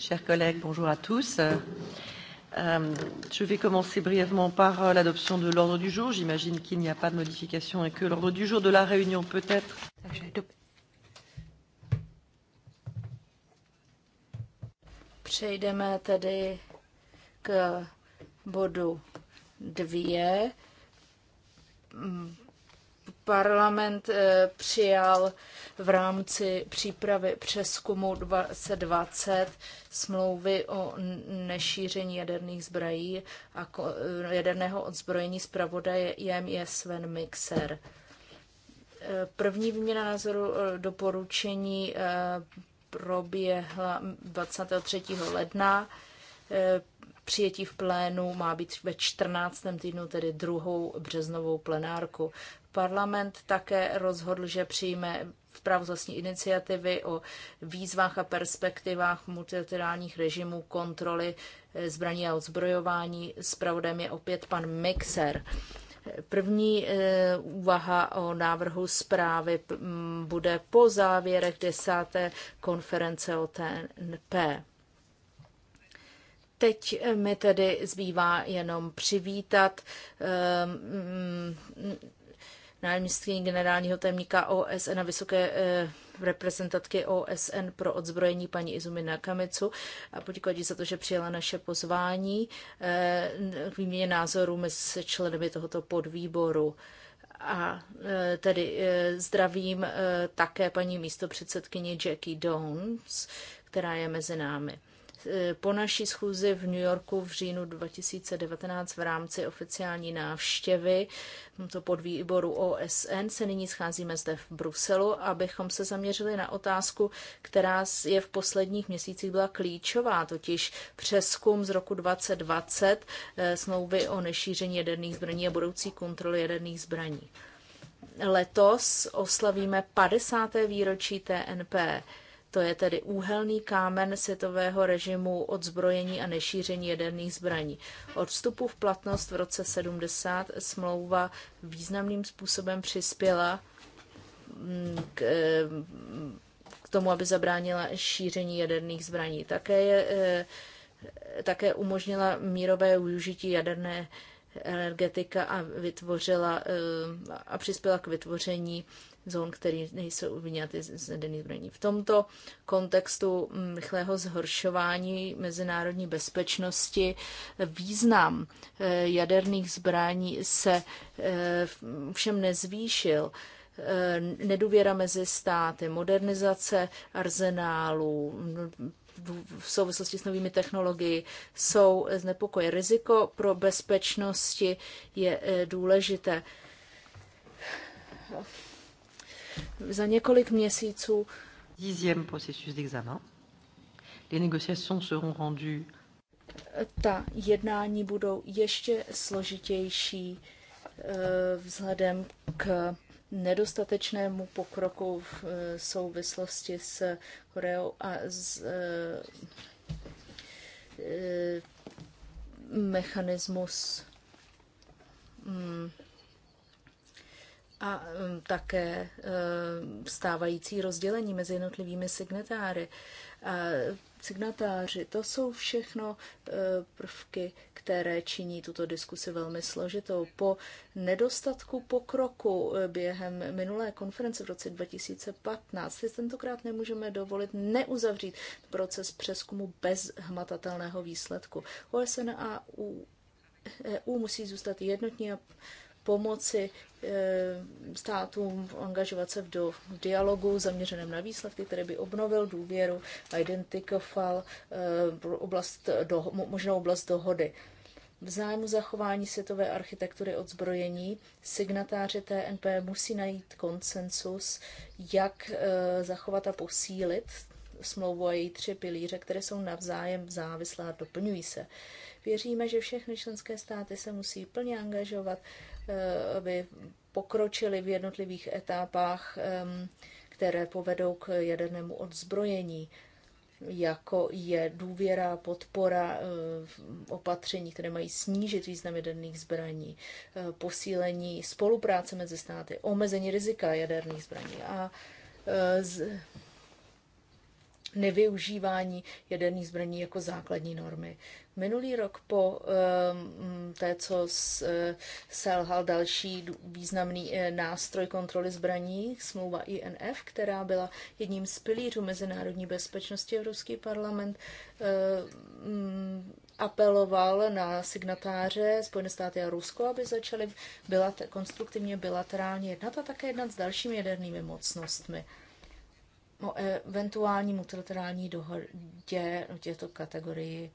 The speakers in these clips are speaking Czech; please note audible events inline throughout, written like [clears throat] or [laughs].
chers collègues, bonjour à tous. Euh, je vais commencer brièvement par euh, l'adoption de l'ordre du jour. J'imagine qu'il n'y a pas de modification et que l'ordre du jour de la réunion peut être. Přejdeme tedy k bodu dvě mm, parlament eh, přijal v rámci přípravy přeskumu 2020 smlouvy o nešíření jaderných zbraní a eh, jaderného odzbrojení zpravodajem je Sven Mixer. Eh, první výměna názoru doporučení proběhla 23. ledna. Přijetí v plénu má být ve 14. týdnu, tedy druhou březnovou plenárku. Parlament také rozhodl, že přijme v vlastní iniciativy o výzvách a perspektivách multilaterálních režimů kontroly eh, zbraní a odzbrojování. Spravodem je opět pan Mixer. První eh, úvaha o návrhu zprávy bude po závěrech desáté konference o TNP. Teď eh, mi tedy zbývá jenom přivítat náměstky generálního tajemníka OSN a vysoké eh, reprezentantky OSN pro odzbrojení paní Izumi Nakamitsu a poděkovat za to, že přijela naše pozvání eh, k výměně názorů mezi členy tohoto podvýboru. A eh, tedy zdravím také paní místopředsedkyni Jackie Downs, která je mezi námi. Eh, po naší schůzi v New Yorku v říjnu 2019 v rámci oficiální návštěvy to výboru OSN se nyní scházíme zde v Bruselu, abychom se zaměřili na otázku, která je v posledních měsících byla klíčová, totiž přeskum z roku 2020 eh, smlouvy o nešíření jaderných zbraní a budoucí kontroly jaderných zbraní. Letos oslavíme 50. výročí TNP to je tedy úhelný kámen světového režimu odzbrojení a nešíření jaderných zbraní. Od vstupu v platnost v roce 70 smlouva významným způsobem přispěla mm, k, eh, k tomu, aby zabránila šíření jaderných zbraní. Také, je, eh, také umožnila mírové využití jaderné energetika a vytvořila eh, a přispěla k vytvoření zón, které nejsou vyňaty z jaderných zbraní. V tomto kontextu mm, rychlého zhoršování mezinárodní bezpečnosti význam eh, jaderných zbraní se eh, všem nezvýšil eh, nedůvěra mezi státy, modernizace arzenálů v souvislosti s novými technologií jsou znepokoje. Riziko pro bezpečnosti je důležité za několik měsíců. Dixième processus d'examen. Les négociations seront rendues ta jednání budou ještě složitější eh, vzhledem k nedostatečnému pokroku v eh, souvislosti s Koreou a s eh, mechanismus mm, a um, také um, stávající rozdělení mezi jednotlivými signatáry. A signatáři, to jsou všechno uh, prvky, které činí tuto diskusi velmi složitou. Po nedostatku pokroku uh, během minulé konference v roce 2015 si tentokrát nemůžeme dovolit neuzavřít proces přeskumu bez hmatatelného výsledku. OSN a EU e musí zůstat jednotní a pomoci eh, státům angažovat se do dialogu zaměřeném na výsledky, který by obnovil důvěru a identifikoval eh, oblast, do, možnou oblast dohody. V zájmu zachování světové architektury odzbrojení signatáři TNP musí najít konsensus, jak eh, zachovat a posílit smlouvu a její tři pilíře, které jsou navzájem závislé a doplňují se. Věříme, že všechny členské státy se musí plně angažovat Eh, aby pokročili v jednotlivých etapách, které povedou k jadernému odzbrojení, jako je důvěra, podpora eh, opatření, které mají snížit význam jaderných zbraní, eh, posílení spolupráce mezi státy, omezení rizika jaderných zbraní a z nevyužívání jaderných zbraní jako základní normy. Minulý rok po eh, té, co eh, selhal další významný eh, nástroj kontroly zbraní, smlouva INF, která byla jedním z pilířů mezinárodní bezpečnosti, Evropský parlament mm, apeloval na signatáře Spojené státy a Rusko, aby začaly bilat- konstruktivně bilaterálně jednat a také jednat s dalšími jadernými mocnostmi o eventuální multilaterální dohodě v těchto kategorii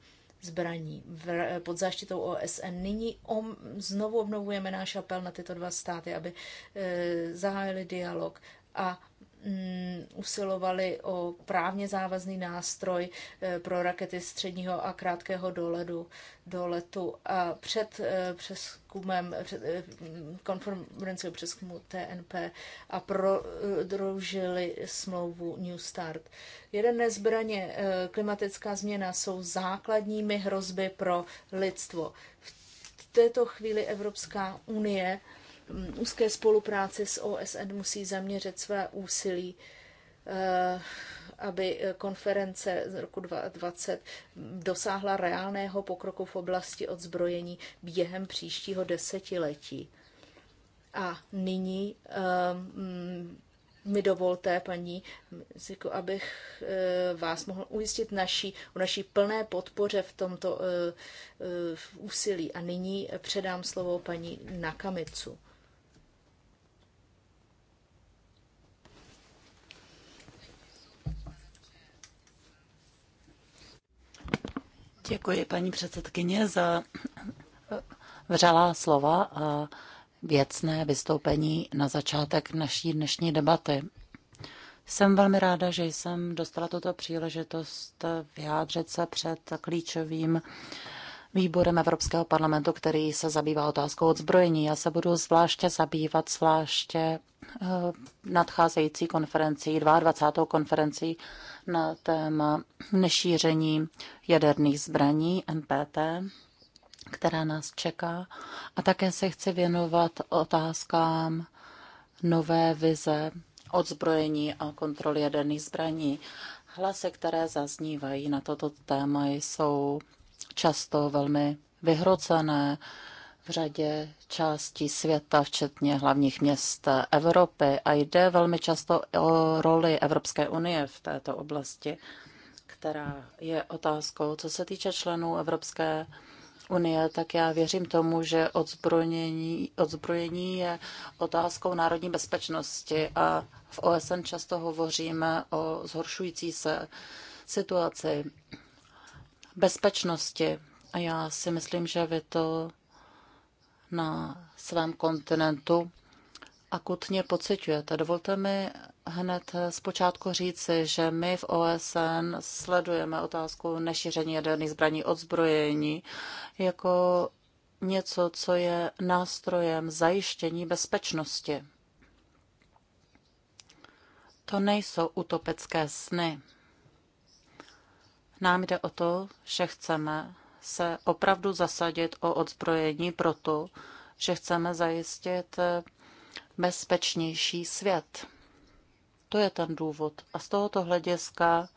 zbraní v, eh, pod záštitou OSN. Nyní om, znovu obnovujeme náš apel na tyto dva státy, aby e, zahájili dialog a Mm, usilovali o právně závazný nástroj eh, pro rakety středního a krátkého doledu, doletu. A před eh, přeskumem, před eh, konferenci o přeskumu TNP a prodroužili smlouvu New Start. Jeden nezbraně klimatická změna jsou základními hrozby pro lidstvo. V této chvíli Evropská unie Mm, úzké spolupráce s OSN musí zaměřit své úsilí, eh, aby eh, konference z roku 2020 dosáhla reálného pokroku v oblasti odzbrojení během příštího desetiletí. A nyní eh, mm, mi dovolte, paní, abych vás mohl ujistit naší, o naší plné podpoře v tomto úsilí. A nyní předám slovo paní Nakamicu. Děkuji paní předsedkyně za vřelá slova a věcné vystoupení na začátek naší dnešní debaty. Jsem velmi ráda, že jsem dostala tuto příležitost vyjádřit se před klíčovým výborem Evropského parlamentu, který se zabývá otázkou odzbrojení. Já se budu zvláště zabývat zvláště eh, nadcházející konferencí, 22. konferencí na téma nešíření jaderných zbraní NPT, která nás čeká. A také se chci věnovat otázkám nové vize odzbrojení a kontroly jaderných zbraní. Hlasy, které zaznívají na toto téma, jsou často velmi vyhrocené, v řadě částí světa, včetně hlavních měst Evropy a jde velmi často o roli Evropské unie v této oblasti, která je otázkou, co se týče členů Evropské unie, tak já věřím tomu, že odzbrojení, odzbrojení je otázkou národní bezpečnosti a v OSN často hovoříme o zhoršující se situaci bezpečnosti. A já si myslím, že vy to na svém kontinentu akutně pociťujete. Dovolte mi hned zpočátku říci, že my v OSN sledujeme otázku nešíření jaderných zbraní, odzbrojení jako něco, co je nástrojem zajištění bezpečnosti. To nejsou utopecké sny. Nám jde o to, že chceme se opravdu zasadit o odzbrojení proto, že chceme zajistit bezpečnější svět. To je ten důvod. A z tohoto hlediska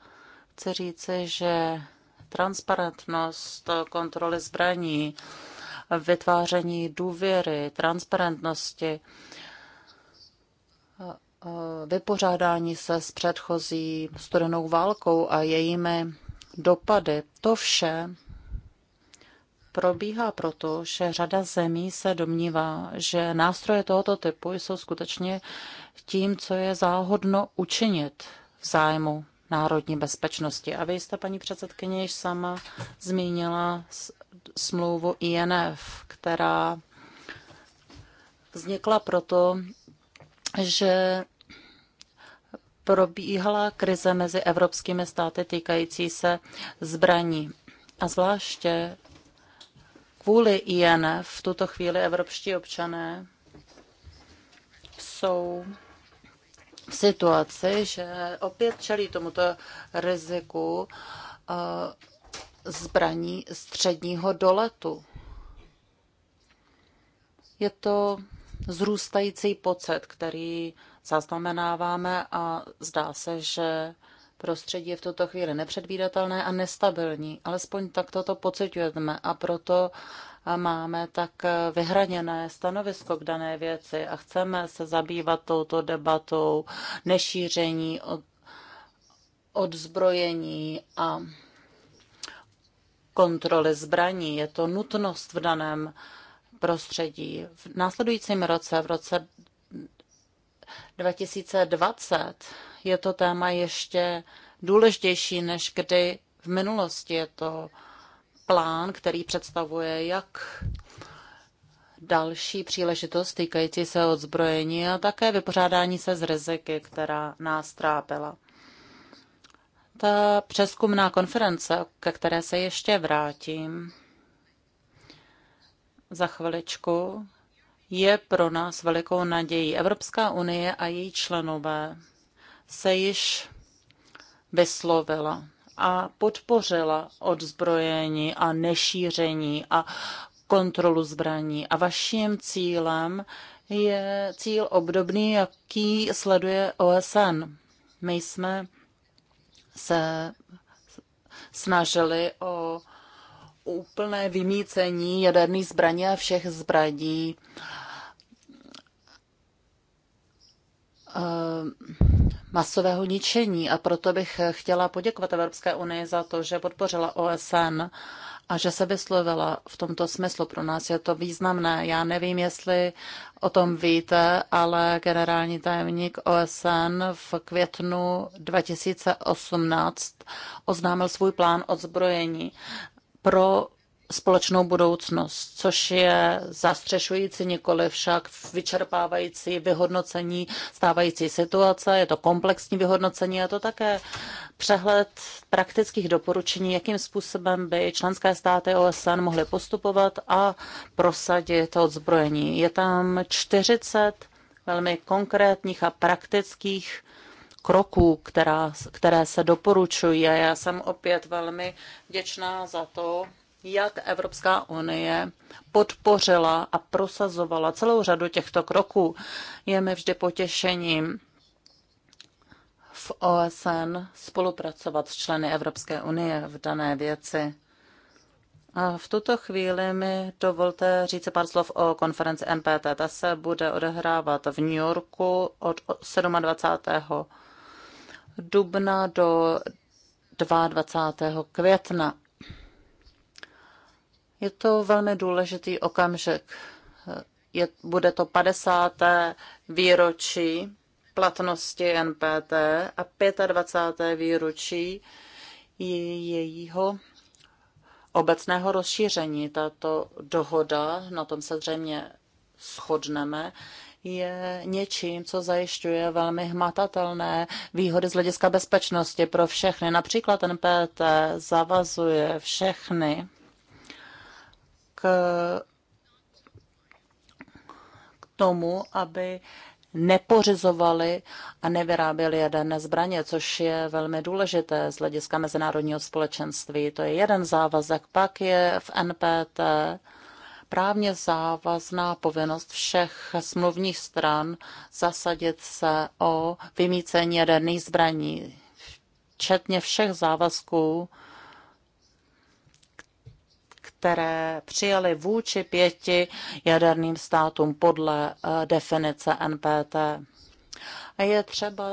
chci říci, že transparentnost kontroly zbraní, vytváření důvěry, transparentnosti, vypořádání se s předchozí studenou válkou a jejími dopady, to vše probíhá proto, že řada zemí se domnívá, že nástroje tohoto typu jsou skutečně tím, co je záhodno učinit v zájmu národní bezpečnosti. A vy jste, paní předsedkyně, již sama zmínila smlouvu INF, která vznikla proto, že probíhala krize mezi evropskými státy týkající se zbraní. A zvláště kvůli INF v tuto chvíli evropští občané jsou v situaci, že opět čelí tomuto riziku eh, zbraní středního doletu. Je to zrůstající pocit, který zaznamenáváme a zdá se, že Prostředí je v tuto chvíli nepředvídatelné a nestabilní, alespoň tak toto pocitujeme a proto máme tak vyhraněné stanovisko k dané věci a chceme se zabývat touto debatou nešíření, od, odzbrojení a kontroly zbraní. Je to nutnost v daném prostředí. V následujícím roce, v roce 2020 je to téma ještě důležitější než kdy v minulosti. Je to plán, který představuje jak další příležitost týkající se odzbrojení a také vypořádání se z riziky, která nás trápila. Ta přeskumná konference, ke které se ještě vrátím za chviličku, je pro nás velikou nadějí. Evropská unie a její členové se již vyslovila a podpořila odzbrojení a nešíření a kontrolu zbraní. A vaším cílem je cíl obdobný, jaký sleduje OSN. My jsme se snažili o úplné vymícení jaderných zbraní a všech zbraní. Eh, masového ničení a proto bych chtěla poděkovat Evropské unii za to, že podpořila OSN a že se vyslovila v tomto smyslu. Pro nás je to významné. Já nevím, jestli o tom víte, ale generální tajemník OSN v květnu 2018 oznámil svůj plán odzbrojení pro společnou budoucnost, což je zastřešující nikoli však vyčerpávající vyhodnocení stávající situace, je to komplexní vyhodnocení a to také přehled praktických doporučení, jakým způsobem by členské státy OSN mohly postupovat a prosadit odzbrojení. Je tam 40 velmi konkrétních a praktických kroků, která, které se doporučují. A já jsem opět velmi vděčná za to, jak Evropská unie podpořila a prosazovala celou řadu těchto kroků. Je mi vždy potěšením v OSN spolupracovat s členy Evropské unie v dané věci. A v tuto chvíli mi dovolte říct pár slov o konferenci NPT. Ta se bude odehrávat v New Yorku od 27 dubna do 22. května. Je to velmi důležitý okamžik. Je, bude to 50. výročí platnosti NPT a 25. výročí jejího obecného rozšíření. Tato dohoda, na tom se zřejmě shodneme, je něčím, co zajišťuje velmi hmatatelné výhody z hlediska bezpečnosti pro všechny. Například NPT zavazuje všechny k, k tomu, aby nepořizovali a nevyráběli jaderné zbraně, což je velmi důležité z hlediska mezinárodního společenství. To je jeden závazek. Pak je v NPT právně závazná povinnost všech smluvních stran zasadit se o vymícení jaderných zbraní, včetně všech závazků, které přijali vůči pěti jaderným státům podle eh, definice NPT. a Je třeba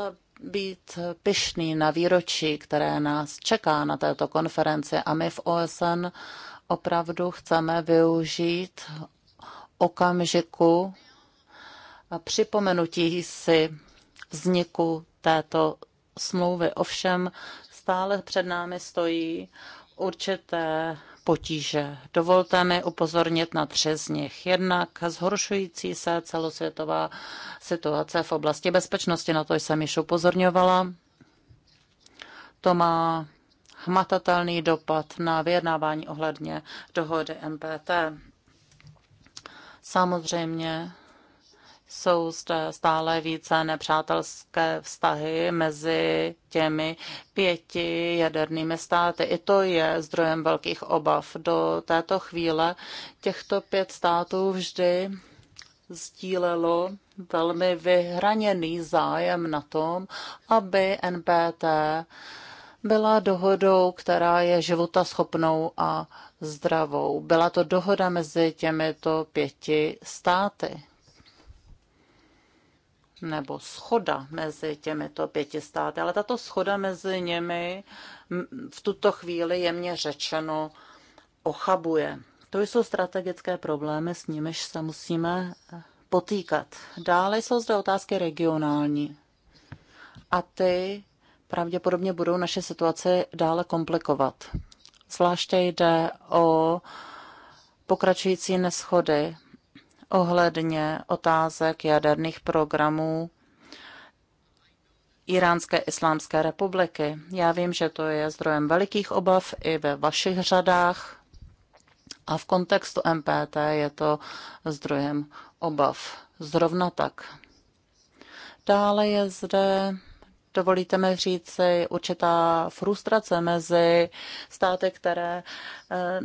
být pyšný na výročí, které nás čeká na této konferenci a my v OSN opravdu chceme využít okamžiku a připomenutí si vzniku této smlouvy. Ovšem stále před námi stojí určité potíže. Dovolte mi upozornit na tři z nich. Jednak zhoršující se celosvětová situace v oblasti bezpečnosti, na to jsem již upozorňovala. To má hmatatelný dopad na vyjednávání ohledně dohody MPT. Samozřejmě jsou zde stále více nepřátelské vztahy mezi těmi pěti jadernými státy. I to je zdrojem velkých obav. Do této chvíle těchto pět států vždy sdílelo velmi vyhraněný zájem na tom, aby NPT byla dohodou, která je života schopnou a zdravou. Byla to dohoda mezi těmito pěti státy. Nebo schoda mezi těmito pěti státy. Ale tato schoda mezi nimi v tuto chvíli jemně řečeno ochabuje. To jsou strategické problémy, s nimiž se musíme potýkat. Dále jsou zde otázky regionální. A ty pravděpodobně budou naše situaci dále komplikovat. Zvláště jde o pokračující neschody ohledně otázek jaderných programů Iránské islámské republiky. Já vím, že to je zdrojem velikých obav i ve vašich řadách a v kontextu MPT je to zdrojem obav. Zrovna tak. Dále je zde dovolíte mi říci, určitá frustrace mezi státy, které eh,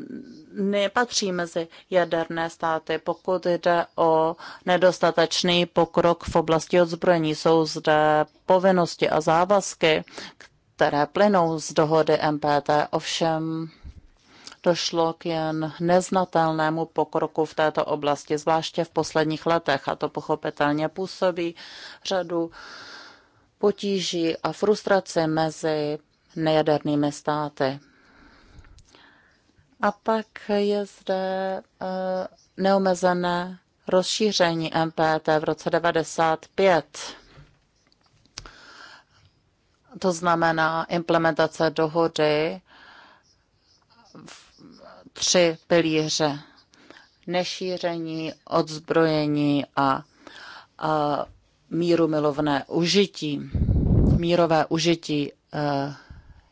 nepatří mezi jaderné státy, pokud jde o nedostatečný pokrok v oblasti odzbrojení. Jsou zde povinnosti a závazky, které plynou z dohody MPT, ovšem došlo k jen neznatelnému pokroku v této oblasti, zvláště v posledních letech, a to pochopitelně působí řadu potíží a frustrace mezi nejadernými státy. A pak je zde eh, neomezené rozšíření MPT v roce 95. To znamená implementace dohody v tři pilíře. Nešíření, odzbrojení a, a míru milovné užití, mírové užití eh,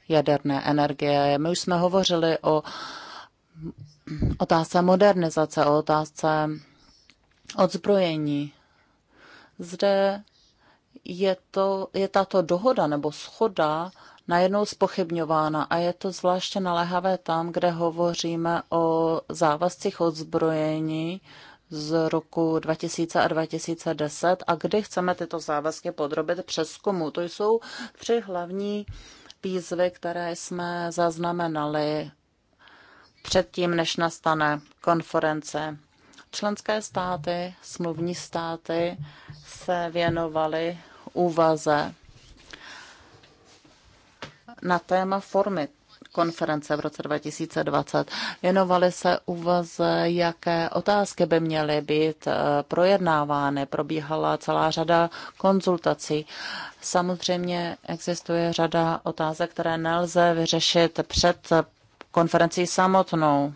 jaderné energie. My už jsme hovořili o otázce modernizace, o otázce odzbrojení. Zde je, to, je tato dohoda nebo schoda najednou spochybňována a je to zvláště naléhavé tam, kde hovoříme o závazcích odzbrojení z roku 2000 a 2010 a kdy chceme tyto závazky podrobit přeskumu. To jsou tři hlavní výzvy, které jsme zaznamenali předtím, než nastane konference. Členské státy, smluvní státy se věnovaly úvaze na téma formy konference v roce 2020 věnovaly se úvaze, jaké otázky by měly být eh, projednávány. Probíhala celá řada konzultací. Samozřejmě existuje řada otázek, které nelze vyřešit před konferencí samotnou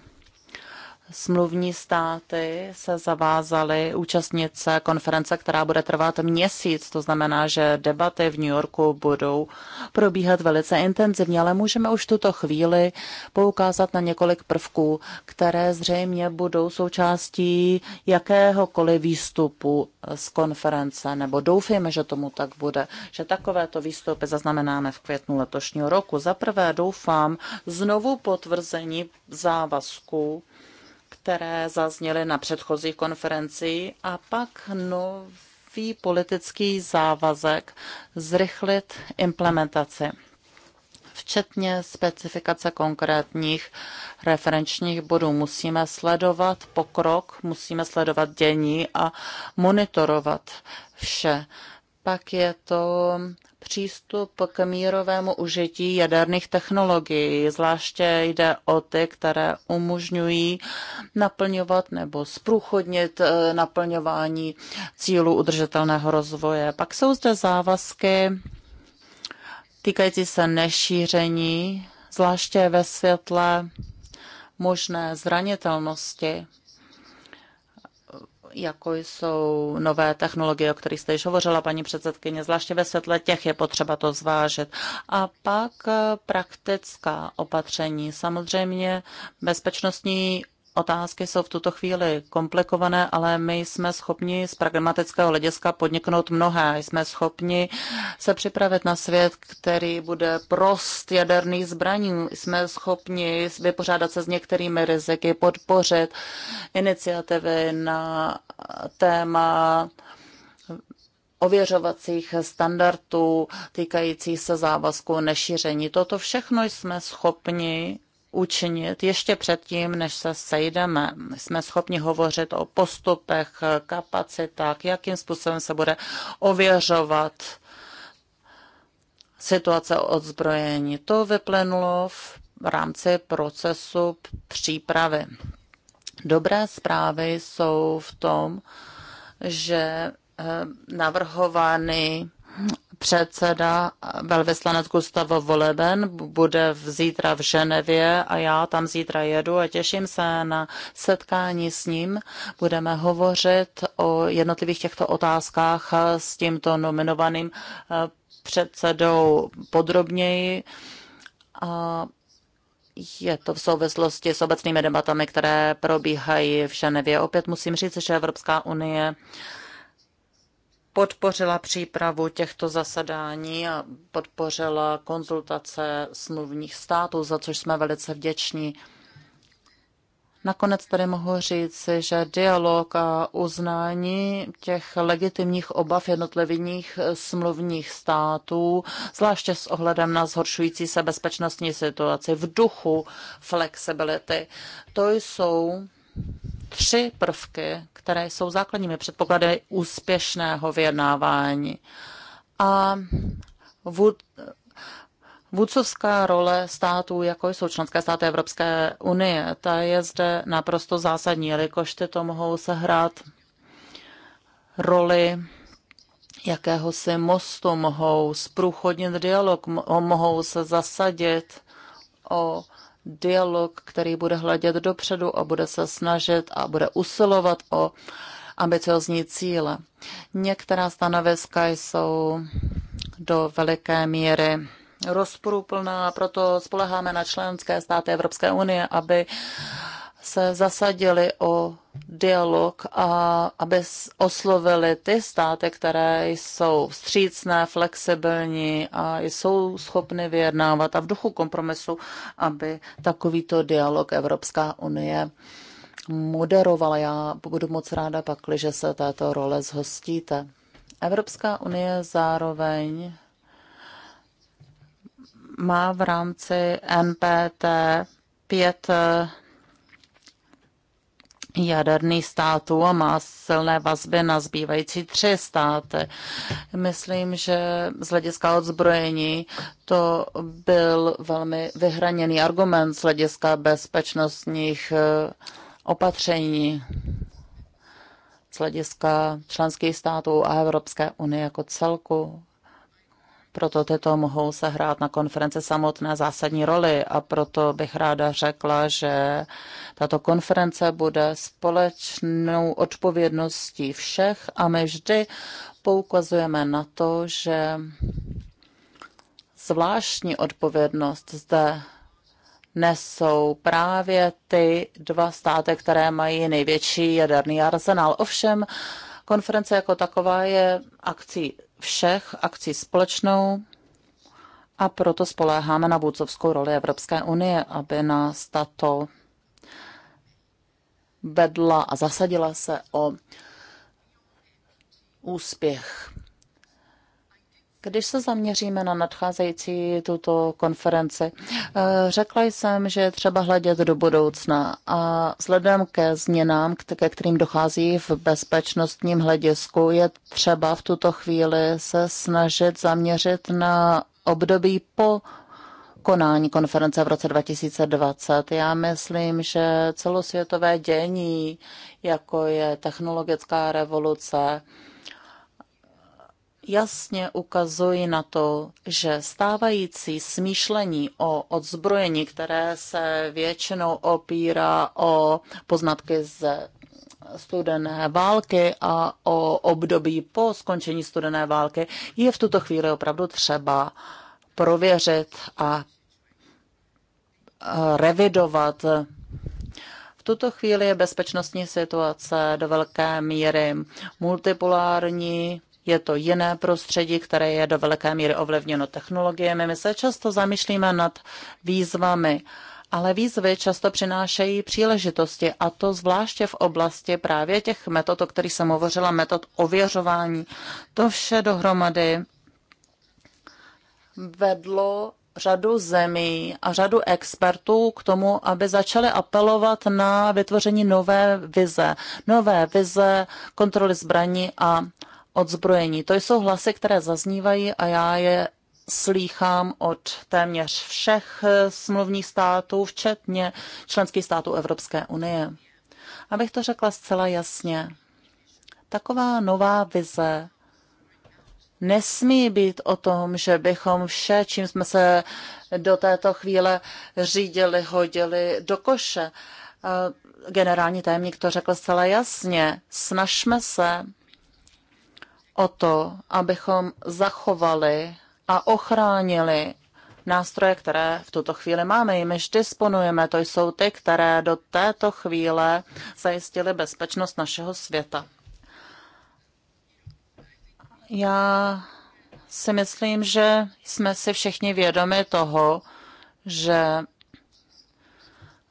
smluvní státy se zavázaly účastnit se konference, která bude trvat měsíc. To znamená, že debaty v New Yorku budou probíhat velice intenzivně, ale můžeme už tuto chvíli poukázat na několik prvků, které zřejmě budou součástí jakéhokoliv výstupu z konference, nebo doufejme, že tomu tak bude, že takovéto výstupy zaznamenáme v květnu letošního roku. Za prvé doufám znovu potvrzení závazku které zazněly na předchozí konferenci a pak nový politický závazek zrychlit implementaci včetně specifikace konkrétních referenčních bodů. Musíme sledovat pokrok, musíme sledovat dění a monitorovat vše. Pak je to přístup k mírovému užití jaderných technologií, zvláště jde o ty, které umožňují naplňovat nebo zprůchodnit eh, naplňování cílu udržitelného rozvoje. Pak jsou zde závazky týkající se nešíření, zvláště ve světle možné zranitelnosti jako jsou nové technologie, o kterých jste již hovořila, paní předsedkyně, zvláště ve světle těch je potřeba to zvážit. A pak eh, praktická opatření. Samozřejmě bezpečnostní otázky jsou v tuto chvíli komplikované, ale my jsme schopni z pragmatického hlediska podniknout mnohé. Jsme schopni se připravit na svět, který bude prost jaderný zbraní. Jsme schopni vypořádat se s některými riziky, podpořit iniciativy na téma ověřovacích standardů týkajících se závazku nešíření. Toto všechno jsme schopni učinit ještě předtím, než se sejdeme. Jsme schopni hovořit o postupech, kapacitách, jakým způsobem se bude ověřovat situace odzbrojení. To vyplynulo v rámci procesu přípravy. Dobré zprávy jsou v tom, že eh, navrhovány předseda velvyslanec Gustavo Voleben bude v zítra v Ženevě a já tam zítra jedu a těším se na setkání s ním. Budeme hovořit o jednotlivých těchto otázkách s tímto nominovaným eh, předsedou podrobněji. A je to v souvislosti s obecnými debatami, které probíhají v Ženevě. Opět musím říct, že Evropská unie uh, podpořila přípravu těchto zasadání a podpořila konzultace smluvních států, za což jsme velice vděční. Nakonec tady mohu říci, že dialog a uznání těch legitimních obav jednotlivých smluvních států, zvláště s ohledem na zhoršující se bezpečnostní situaci v duchu flexibility, to jsou tři prvky, které jsou základními předpoklady úspěšného vyjednávání. A vůd, vůdcovská role států, jako jsou členské státy Evropské unie, ta je zde naprosto zásadní, jelikož tyto mohou sehrát roli jakéhosi mostu, mohou zprůchodnit dialog, mohou se zasadit o dialog, který bude hledět dopředu a bude se snažit a bude usilovat o ambiciozní cíle. Některá stanoviska jsou do veliké míry rozporuplná, proto spoleháme na členské státy Evropské unie, aby se zasadili o dialog a aby oslovili ty státy, které jsou vstřícné, flexibilní a jsou schopny vyjednávat a v duchu kompromisu, aby takovýto dialog Evropská unie moderovala. Já budu moc ráda pak, že se této role zhostíte. Evropská unie zároveň má v rámci NPT pět jaderných států a má silné vazby na zbývající tři státy. Myslím, že z hlediska odzbrojení to byl velmi vyhraněný argument z hlediska bezpečnostních eh, opatření z hlediska členských států a Evropské unie jako celku proto tyto mohou sehrát na konferenci samotné zásadní roli a proto bych ráda řekla, že tato konference bude společnou odpovědností všech a my vždy poukazujeme na to, že zvláštní odpovědnost zde nesou právě ty dva státy, které mají největší jaderný arzenál. Ovšem, konference jako taková je akcí všech akcí společnou a proto spoléháme na vůdcovskou roli Evropské unie, aby nás tato vedla a zasadila se o úspěch když se zaměříme na nadcházející tuto konferenci, eh, řekla jsem, že je třeba hledět do budoucna a vzhledem ke změnám, ke kterým dochází v bezpečnostním hledisku, je třeba v tuto chvíli se snažit zaměřit na období po konání konference v roce 2020. Já myslím, že celosvětové dění, jako je technologická revoluce, jasně ukazují na to, že stávající smýšlení o odzbrojení, které se většinou opírá o poznatky z studené války a o období po skončení studené války, je v tuto chvíli opravdu třeba prověřit a revidovat. V tuto chvíli je bezpečnostní situace do velké míry multipolární, je to jiné prostředí, které je do velké míry ovlivněno technologiemi. My se často zamýšlíme nad výzvami, ale výzvy často přinášejí příležitosti a to zvláště v oblasti právě těch metod, o kterých jsem hovořila, metod ověřování. To vše dohromady vedlo řadu zemí a řadu expertů k tomu, aby začali apelovat na vytvoření nové vize. Nové vize kontroly zbraní a odzbrojení. To jsou hlasy, které zaznívají a já je slýchám od téměř všech eh, smluvních států, včetně členských států Evropské unie. Abych to řekla zcela jasně, taková nová vize nesmí být o tom, že bychom vše, čím jsme se do této chvíle řídili, hodili do koše. Eh, Generální tajemník to řekl zcela jasně. Snažme se o to, abychom zachovali a ochránili nástroje, které v tuto chvíli máme, jimiž disponujeme. To jsou ty, které do této chvíle zajistily bezpečnost našeho světa. Já si myslím, že jsme si všichni vědomi toho, že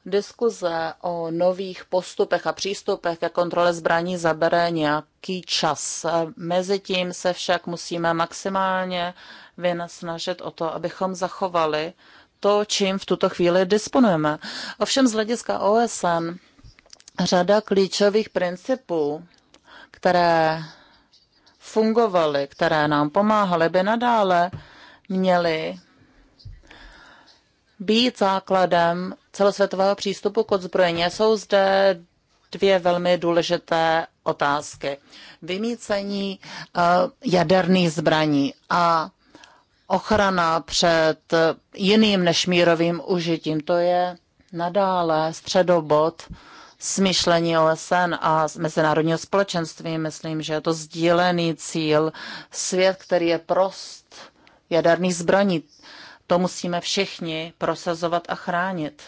diskuze o nových postupech a přístupech ke kontrole zbraní zabere nějaký čas. Mezitím se však musíme maximálně vynasnažit o to, abychom zachovali to, čím v tuto chvíli disponujeme. Ovšem z hlediska OSN řada klíčových principů, které fungovaly, které nám pomáhaly, by nadále měly být základem celosvětového přístupu k odzbrojení. Jsou zde dvě velmi důležité otázky. Vymícení eh, jaderných zbraní a ochrana před jiným než mírovým užitím. To je nadále středobod smyšlení OSN a mezinárodního společenství. Myslím, že je to sdílený cíl, svět, který je prost jaderných zbraní. To musíme všichni prosazovat a chránit.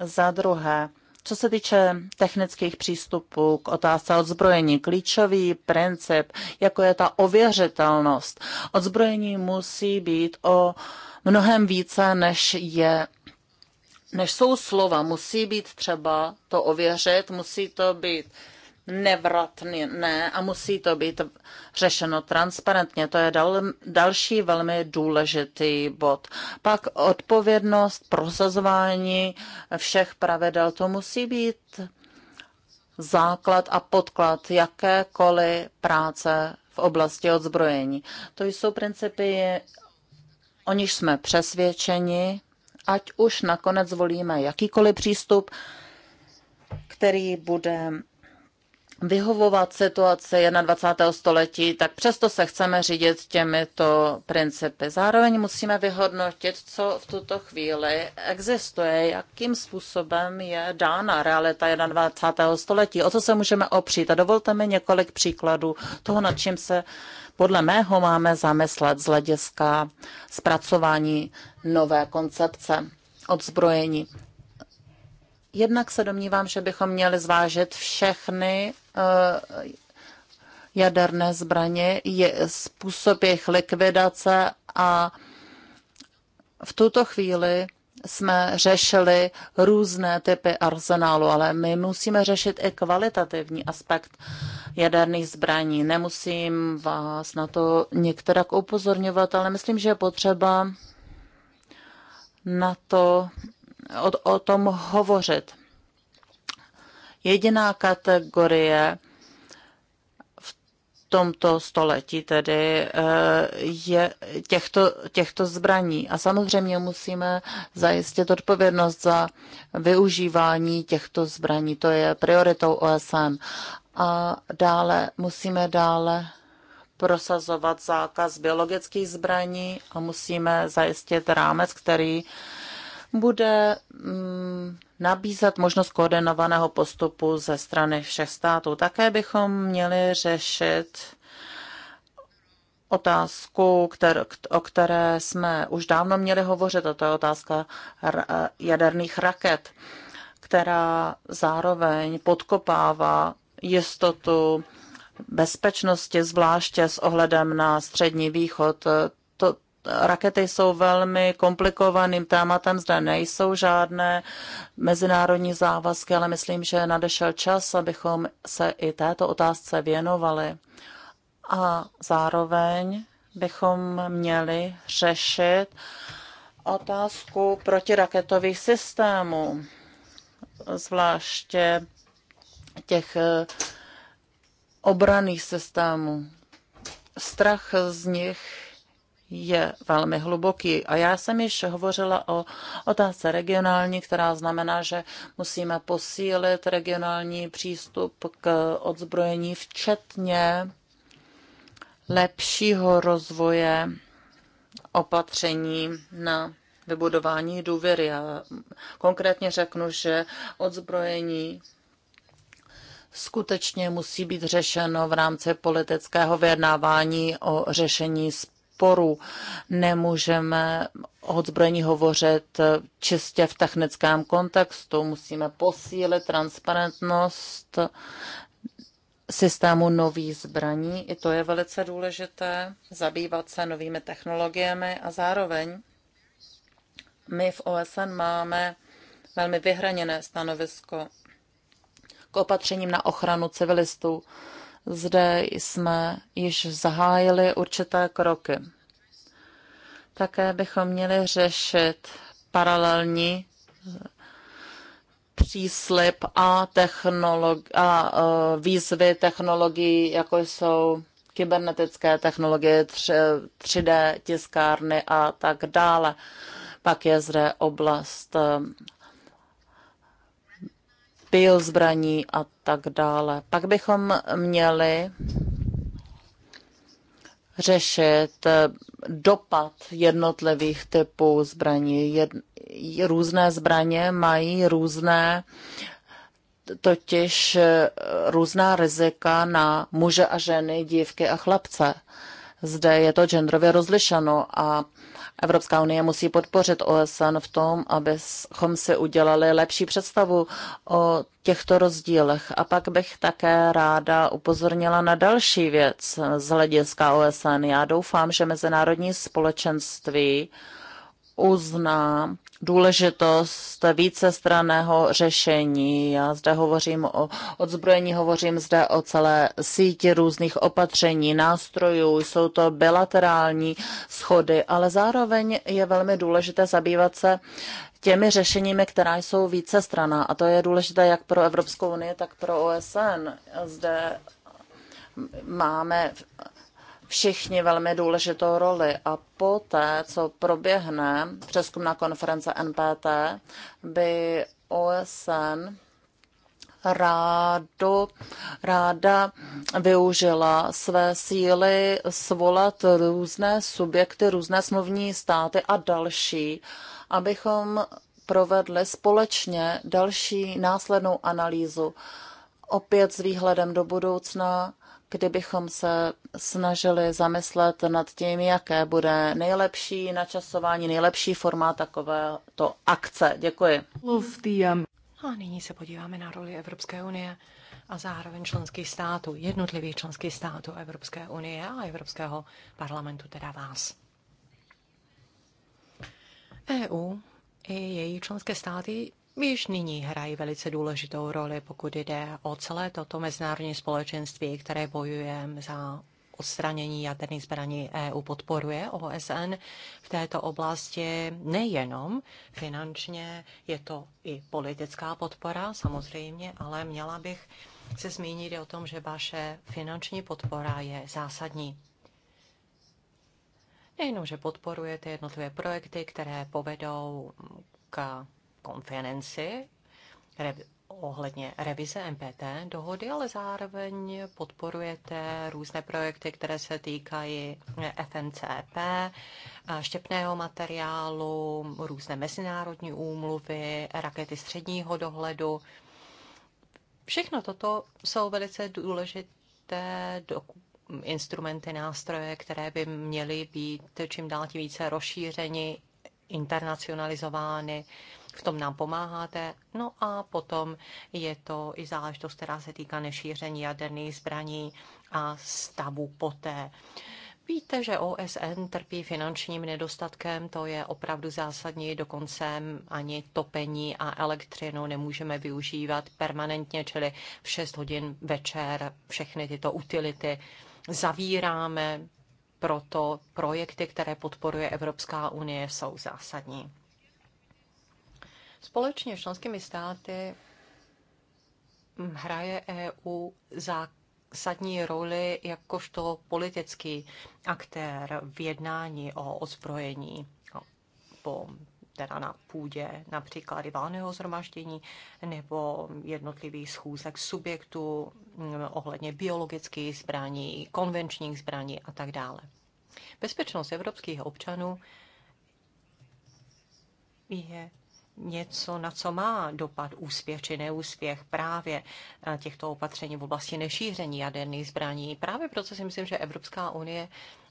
Za druhé, co se týče technických přístupů k otázce odzbrojení, klíčový princip, jako je ta ověřitelnost, odzbrojení musí být o mnohem více, než je než jsou slova. Musí být třeba to ověřit, musí to být uh, nevratné a musí to být řešeno transparentně. To je dal, další velmi důležitý bod. Pak odpovědnost, prosazování všech pravidel, to musí být základ a podklad jakékoliv práce v oblasti odzbrojení. To jsou principy, o nich jsme přesvědčeni, ať už nakonec volíme jakýkoliv přístup, který bude vyhovovat situaci 21. století, tak přesto se chceme řídit těmito principy. Zároveň musíme vyhodnotit, co v tuto chvíli existuje, jakým způsobem je dána realita 21. století, o co se můžeme opřít. A dovolte mi několik příkladů toho, nad čím se podle mého máme zamyslet z hlediska zpracování nové koncepce odzbrojení. Jednak se domnívám, že bychom měli zvážit všechny Eh, jaderné zbraně, je způsob jejich likvidace a v tuto chvíli jsme řešili různé typy arzenálu, ale my musíme řešit i kvalitativní aspekt jaderných zbraní. Nemusím vás na to některak upozorňovat, ale myslím, že je potřeba na to o, o tom hovořit jediná kategorie v tomto století tedy eh, je těchto, těchto zbraní. A samozřejmě musíme zajistit odpovědnost za využívání těchto zbraní. To je prioritou OSN. A dále musíme dále prosazovat zákaz biologických zbraní a musíme zajistit rámec, který bude mm, nabízet možnost koordinovaného postupu ze strany všech států. Také bychom měli řešit otázku, kter, o které jsme už dávno měli hovořit, a to je otázka e, jaderných raket, která zároveň podkopává jistotu bezpečnosti, zvláště s ohledem na Střední východ rakety jsou velmi komplikovaným tématem, zde nejsou žádné mezinárodní závazky, ale myslím, že nadešel čas, abychom se i této otázce věnovali. A zároveň bychom měli řešit otázku protiraketových systémů, zvláště těch eh, obraných systémů. Strach z nich je velmi hluboký. A já jsem již hovořila o otázce regionální, která znamená, že musíme posílit regionální přístup k odzbrojení, včetně lepšího rozvoje opatření na vybudování důvěry. Já konkrétně řeknu, že odzbrojení skutečně musí být řešeno v rámci politického vyjednávání o řešení sporu. Nemůžeme o odzbrojení hovořit čistě v technickém kontextu. Musíme posílit transparentnost systému nových zbraní. I to je velice důležité, zabývat se novými technologiemi a zároveň my v OSN máme velmi vyhraněné stanovisko k opatřením na ochranu civilistů. Zde jsme již zahájili určité kroky. Také bychom měli řešit paralelní příslip a, technologi- a e, výzvy technologií, jako jsou kybernetické technologie, 3D tiskárny a tak dále. Pak je zde oblast e, pil zbraní a tak dále. Pak bychom měli řešit eh, dopad jednotlivých typů zbraní. Jed, různé zbraně mají různé totiž eh, různá rizika na muže a ženy, dívky a chlapce. Zde je to genderově rozlišeno a Evropská unie musí podpořit OSN v tom, abychom si udělali lepší představu o těchto rozdílech. A pak bych také ráda upozornila na další věc z hlediska OSN. Já doufám, že mezinárodní společenství uzná důležitost vícestranného řešení. Já zde hovořím o odzbrojení, hovořím zde o celé síti různých opatření, nástrojů, jsou to bilaterální schody, ale zároveň je velmi důležité zabývat se těmi řešeními, která jsou vícestraná. A to je důležité jak pro Evropskou unii, tak pro OSN. Zde máme všichni velmi důležitou roli a poté, co proběhne přeskumná konference NPT, by OSN rádo, ráda využila své síly svolat různé subjekty, různé smluvní státy a další, abychom provedli společně další následnou analýzu opět s výhledem do budoucna kdybychom se snažili zamyslet nad tím, jaké bude nejlepší načasování, nejlepší takové takovéto akce. Děkuji. A nyní se podíváme na roli Evropské unie a zároveň členských států, jednotlivých členských států Evropské unie a Evropského parlamentu, teda vás. EU i její členské státy již nyní hrají velice důležitou roli, pokud jde o celé toto mezinárodní společenství, které bojuje za odstranění jaderných zbraní EU podporuje OSN v této oblasti nejenom finančně, je to i politická podpora samozřejmě, ale měla bych se zmínit o tom, že vaše finanční podpora je zásadní. Nejenom, že podporujete jednotlivé projekty, které povedou k konferenci ohledně revize MPT dohody, ale zároveň podporujete různé projekty, které se týkají FNCP, štěpného materiálu, různé mezinárodní úmluvy, rakety středního dohledu. Všechno toto jsou velice důležité instrumenty, nástroje, které by měly být čím dál tím více rozšířeny, internacionalizovány v tom nám pomáháte. No a potom je to i záležitost, která se týká nešíření jaderných zbraní a stavu poté. Víte, že OSN trpí finančním nedostatkem, to je opravdu zásadní, dokonce ani topení a elektřinu nemůžeme využívat permanentně, čili v 6 hodin večer všechny tyto utility zavíráme, proto projekty, které podporuje Evropská unie, jsou zásadní. Společně s členskými státy hm, hraje EU zásadní roli jakožto politický aktér v jednání o ozbrojení po teda na půdě například rivalného zhromaždění nebo jednotlivých schůzek subjektů hm, ohledně biologických zbraní, konvenčních zbraní a tak dále. Bezpečnost evropských občanů je něco, na co má dopad úspěch či neúspěch právě eh, těchto opatření v oblasti nešíření jaderných zbraní. Právě proto si myslím, že Evropská unie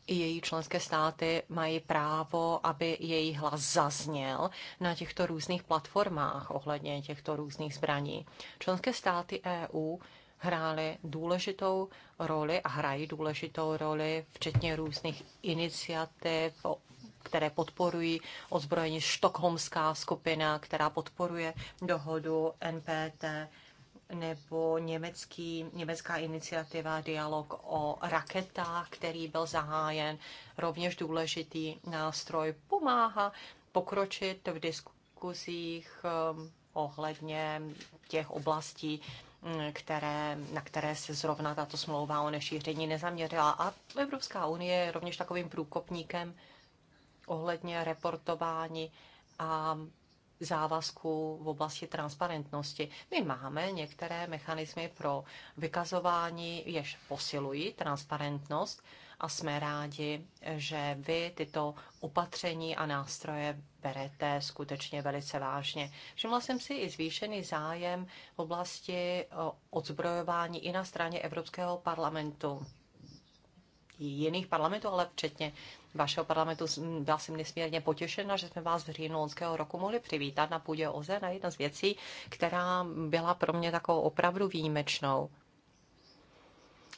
i její členské státy mají právo, aby její hlas zazněl na těchto různých platformách ohledně těchto různých zbraní. Členské státy EU hrály důležitou roli a hrají důležitou roli, včetně různých iniciativ které podporují ozbrojení štokholmská skupina, která podporuje dohodu NPT nebo německý, německá iniciativa Dialog o raketách, který byl zahájen, rovněž důležitý nástroj, pomáhá pokročit v diskuzích um, ohledně těch oblastí, mm, které, na které se zrovna tato smlouva o nešíření nezaměřila. A Evropská unie je rovněž takovým průkopníkem ohledně reportování a závazků v oblasti transparentnosti. My máme některé mechanismy pro vykazování, jež posilují transparentnost a jsme rádi, že vy tyto opatření a nástroje berete skutečně velice vážně. Všimla jsem si i zvýšený zájem v oblasti eh, odzbrojování i na straně Evropského parlamentu jiných parlamentů, ale včetně vašeho parlamentu. Byla jsem nesmírně potěšena, že jsme vás v říjnu loňského roku mohli přivítat na půdě OZE na jedna z věcí, která byla pro mě takovou opravdu výjimečnou.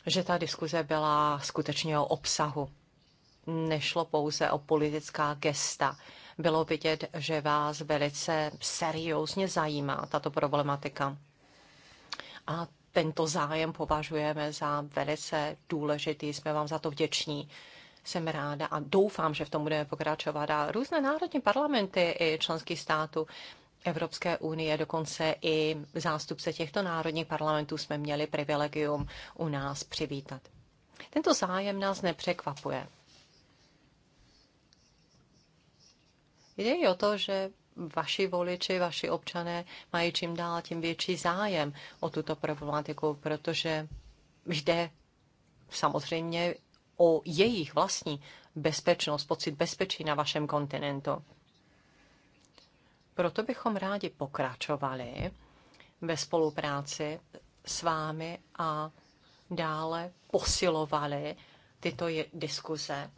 Že ta diskuze byla skutečně o obsahu. Nešlo pouze o politická gesta. Bylo vidět, že vás velice seriózně zajímá tato problematika. A tento zájem považujeme za velice důležitý. Jsme vám za to vděční. Jsem ráda a doufám, že v tom budeme pokračovat. A různé národní parlamenty i členských států Evropské unie, dokonce i zástupce těchto národních parlamentů jsme měli privilegium u nás přivítat. Tento zájem nás nepřekvapuje. Jde i o to, že vaši voliči, vaši občané mají čím dál tím větší zájem o tuto problematiku, protože jde samozřejmě o jejich vlastní bezpečnost, pocit bezpečí na vašem kontinentu. Proto bychom rádi pokračovali ve spolupráci s vámi a dále posilovali tyto diskuze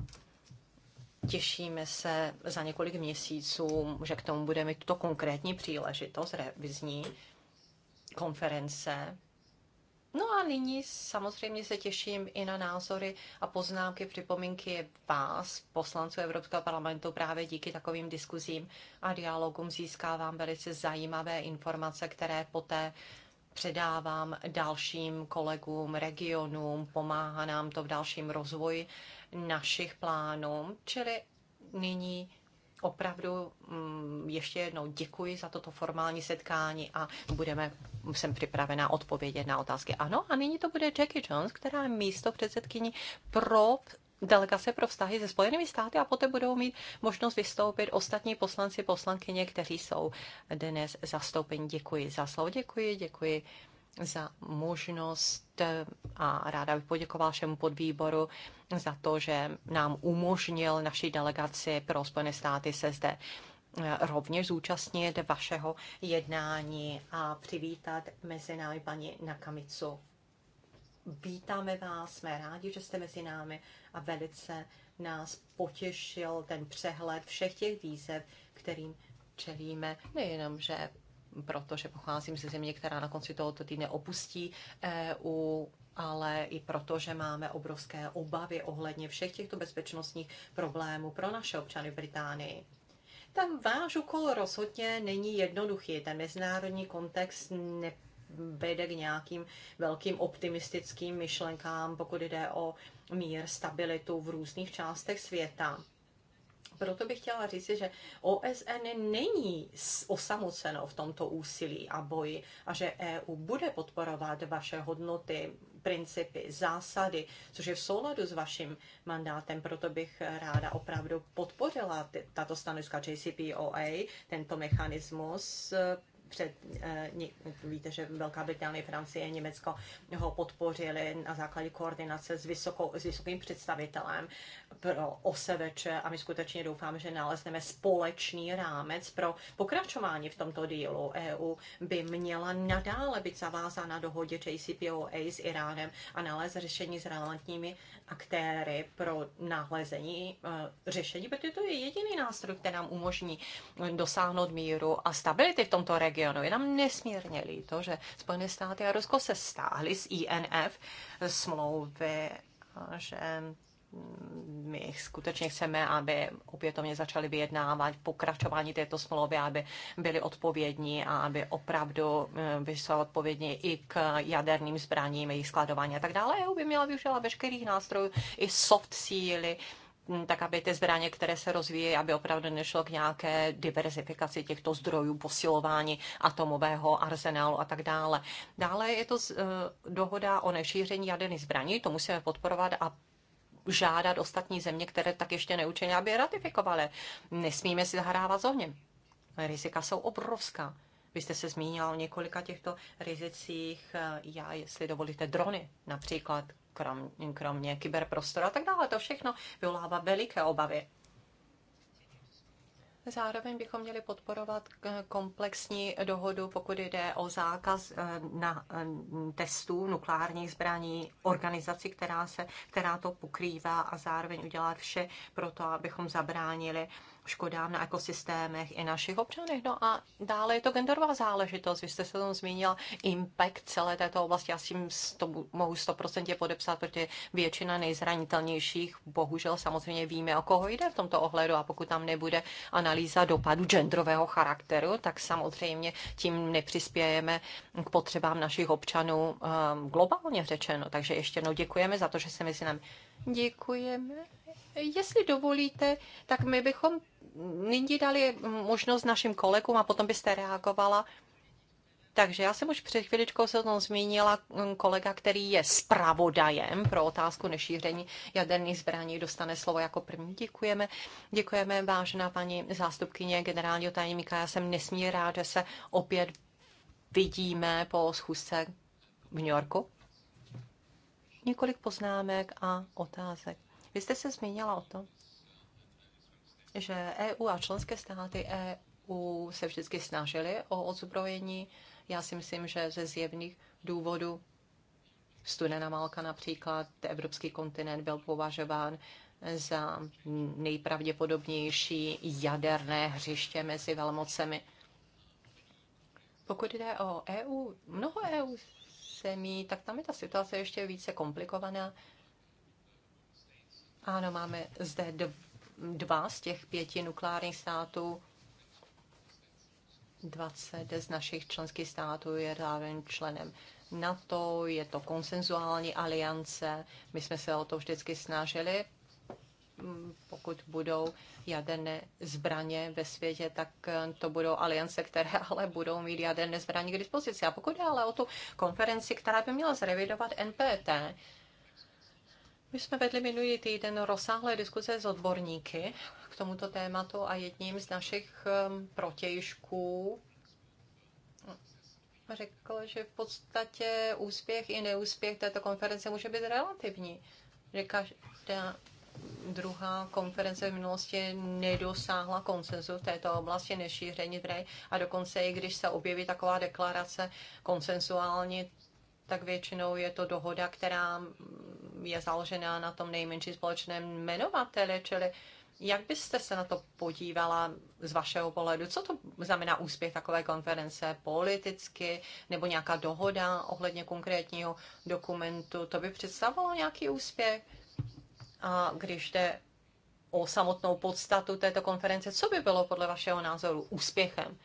Těšíme se za několik měsíců, že k tomu budeme tuto konkrétní příležitost revizní konference. No a nyní samozřejmě se těším i na názory a poznámky, připomínky vás, poslanců Evropského parlamentu, právě díky takovým diskuzím a dialogům získávám velice zajímavé informace, které poté předávám dalším kolegům, regionům, pomáhá nám to v dalším rozvoji našich plánů. Čili nyní opravdu mm, ještě jednou děkuji za toto formální setkání a budeme, jsem připravena odpovědět na otázky. Ano, a nyní to bude Jackie Jones, která je místo předsedkyní pro delegace pro vztahy se Spojenými státy a poté budou mít možnost vystoupit ostatní poslanci, poslankyně, kteří jsou dnes zastoupeni. Děkuji za slovo, děkuji, děkuji za možnost eh, a ráda bych poděkovala všemu podvýboru za to, že nám umožnil naší delegaci pro Spojené státy se zde eh, rovněž zúčastnit vašeho jednání a přivítat mezi námi paní Nakamicu. Vítáme vás, jsme rádi, že jste mezi námi a velice nás potěšil ten přehled všech těch výzev, kterým čelíme nejenom, že protože pocházím ze země, která na konci tohoto týdne opustí EU, ale i proto, že máme obrovské obavy ohledně všech těchto bezpečnostních problémů pro naše občany v Británii. Ten váš úkol rozhodně není jednoduchý. Ten mezinárodní kontext ne vede k nějakým velkým optimistickým myšlenkám, pokud jde o mír, stabilitu v různých částech světa. Proto bych chtěla říct, že OSN není osamoceno v tomto úsilí a boji a že EU bude podporovat vaše hodnoty, principy, zásady, což je v souladu s vaším mandátem. Proto bych ráda opravdu podpořila tato stanoviska JCPOA, tento mechanismus, před, eh, víte, že Velká Británie, Francie, Německo ho podpořili na základě koordinace s, vysokou, s vysokým představitelem pro oseveče a my skutečně doufáme, že nalezneme společný rámec pro pokračování v tomto dílu. EU by měla nadále být zavázána dohodě JCPOA e, s Iránem a nalézt řešení s relevantními aktéry pro nalezení eh, řešení, protože to je jediný nástroj, který nám umožní dosáhnout míru a stability v tomto regionu regionu. Je nám nesmírně líto, že Spojené státy a Rusko se stáhly z INF smlouvy, že mm, my skutečně chceme, aby opětovně začali vyjednávat pokračování této smlouvy, aby byli odpovědní a aby opravdu byli mm, odpovědní i k jaderným zbraním, jejich skladování a tak dále. EU by měla využívat veškerých nástrojů i soft síly Mm, tak aby ty zbraně, které se rozvíjí, aby opravdu nešlo k nějaké diverzifikaci těchto zdrojů, posilování atomového arzenálu a tak dále. Dále je to e, dohoda o nešíření jaderných zbraní, to musíme podporovat a žádat ostatní země, které tak ještě neúčinně, aby je ratifikovaly. Nesmíme si zahrávat s ohněm. Rizika jsou obrovská. Vy jste se zmínila o několika těchto rizicích. E, já, jestli dovolíte, drony například, krom, kromě kyberprostoru a tak dále. To všechno vyvolává veliké obavy. Zároveň bychom měli podporovat eh, komplexní dohodu, pokud jde o zákaz eh, na eh, testů nukleárních zbraní organizaci, která, se, která to pokrývá a zároveň udělat vše pro to, abychom zabránili škodám na ekosystémech i našich občanech. No a dále je to genderová záležitost. Vy jste se tam zmínil impact celé této oblasti. Já s tím to, mohu 100% podepsat, protože většina nejzranitelnějších, bohužel samozřejmě víme, o koho jde v tomto ohledu a pokud tam nebude analýza dopadu genderového charakteru, tak samozřejmě tím nepřispějeme k potřebám našich občanů um, globálně řečeno. Takže ještě jednou děkujeme za to, že se mezi nám Děkujeme jestli dovolíte, tak my bychom nyní dali možnost našim kolegům a potom byste reagovala. Takže já jsem už před chvíličkou se o tom zmínila mm, kolega, který je zpravodajem pro otázku nešíření jaderných zbraní, dostane slovo jako první. Děkujeme. Děkujeme, vážená paní zástupkyně generálního tajemníka. Já jsem nesmírně rád, že se opět vidíme po schůzce v New Yorku. Několik poznámek a otázek. Vy jste se zmínila o tom, že EU a členské státy EU se vždycky snažili o odzbrojení. Já si myslím, že ze zjevných důvodů studená válka například, evropský kontinent byl považován za nejpravděpodobnější jaderné hřiště mezi velmocemi. Pokud jde o EU, mnoho EU zemí, tak tam je ta situace ještě více komplikovaná. Ano, máme zde dva z těch pěti nukleárních států. 20 z našich členských států je zároveň členem NATO, je to konsenzuální aliance. My jsme se o to vždycky snažili. Mm, pokud budou jaderné zbraně ve světě, tak eh, to budou aliance, které [laughs] ale budou mít jaderné zbraně k dispozici. A pokud je ale o tu konferenci, která by měla zrevidovat NPT, my jsme vedli minulý týden rozsáhlé diskuze s odborníky k tomuto tématu a jedním z našich um, protějšků řekl, že v podstatě úspěch i neúspěch této konference může být relativní. Že každá druhá konference v minulosti nedosáhla konsenzu v této oblasti nešíření vrej a dokonce i když se objeví taková deklarace konsensuální, tak většinou je to dohoda, která je založená na tom nejmenší společném jmenovateli, čili jak byste se na to podívala z vašeho pohledu? Co to znamená úspěch takové konference politicky nebo nějaká dohoda ohledně konkrétního dokumentu? To by představovalo nějaký úspěch? A když jde o samotnou podstatu této konference, co by bylo podle vašeho názoru úspěchem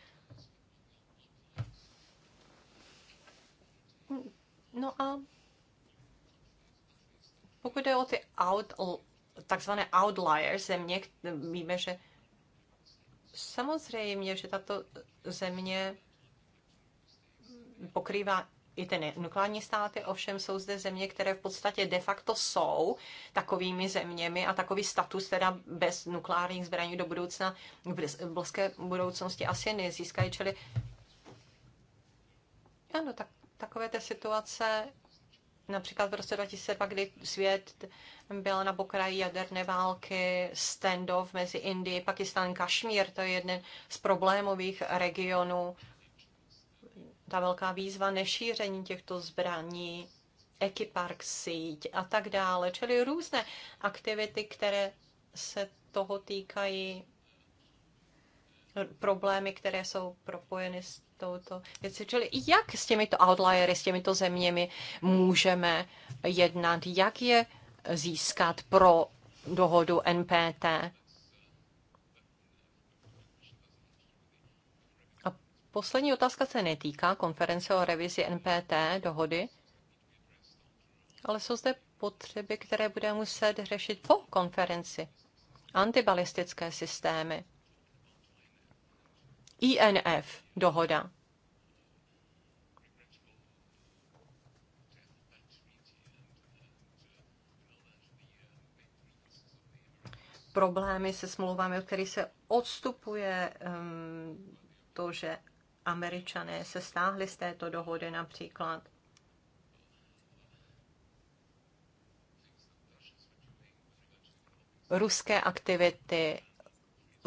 No a pokud jde o ty out, takzvané outliers země, víme, že samozřejmě, že tato země pokrývá i ty nukleární státy, ovšem jsou zde země, které v podstatě de facto jsou takovými zeměmi a takový status teda bez nukleárních zbraní do budoucna, v blízké budoucnosti asi nezískají, čili ano, tak takové té situace, například v roce 2002, kdy svět byl na pokraji jaderné války, standoff mezi Indií, Pakistán, Kašmír, to je jeden z problémových regionů. Ta velká výzva nešíření těchto zbraní, ekipark síť a tak dále, čili různé aktivity, které se toho týkají problémy, které jsou propojeny s touto věcí. Čili jak s těmito outliery, s těmito zeměmi můžeme jednat, jak je získat pro dohodu NPT. A poslední otázka se netýká konference o revizi NPT dohody, ale jsou zde potřeby, které bude muset řešit po konferenci. Antibalistické systémy INF dohoda. Problémy se smlouvami, od kterých se odstupuje ehm, to, že američané se stáhli z této dohody například. ruské aktivity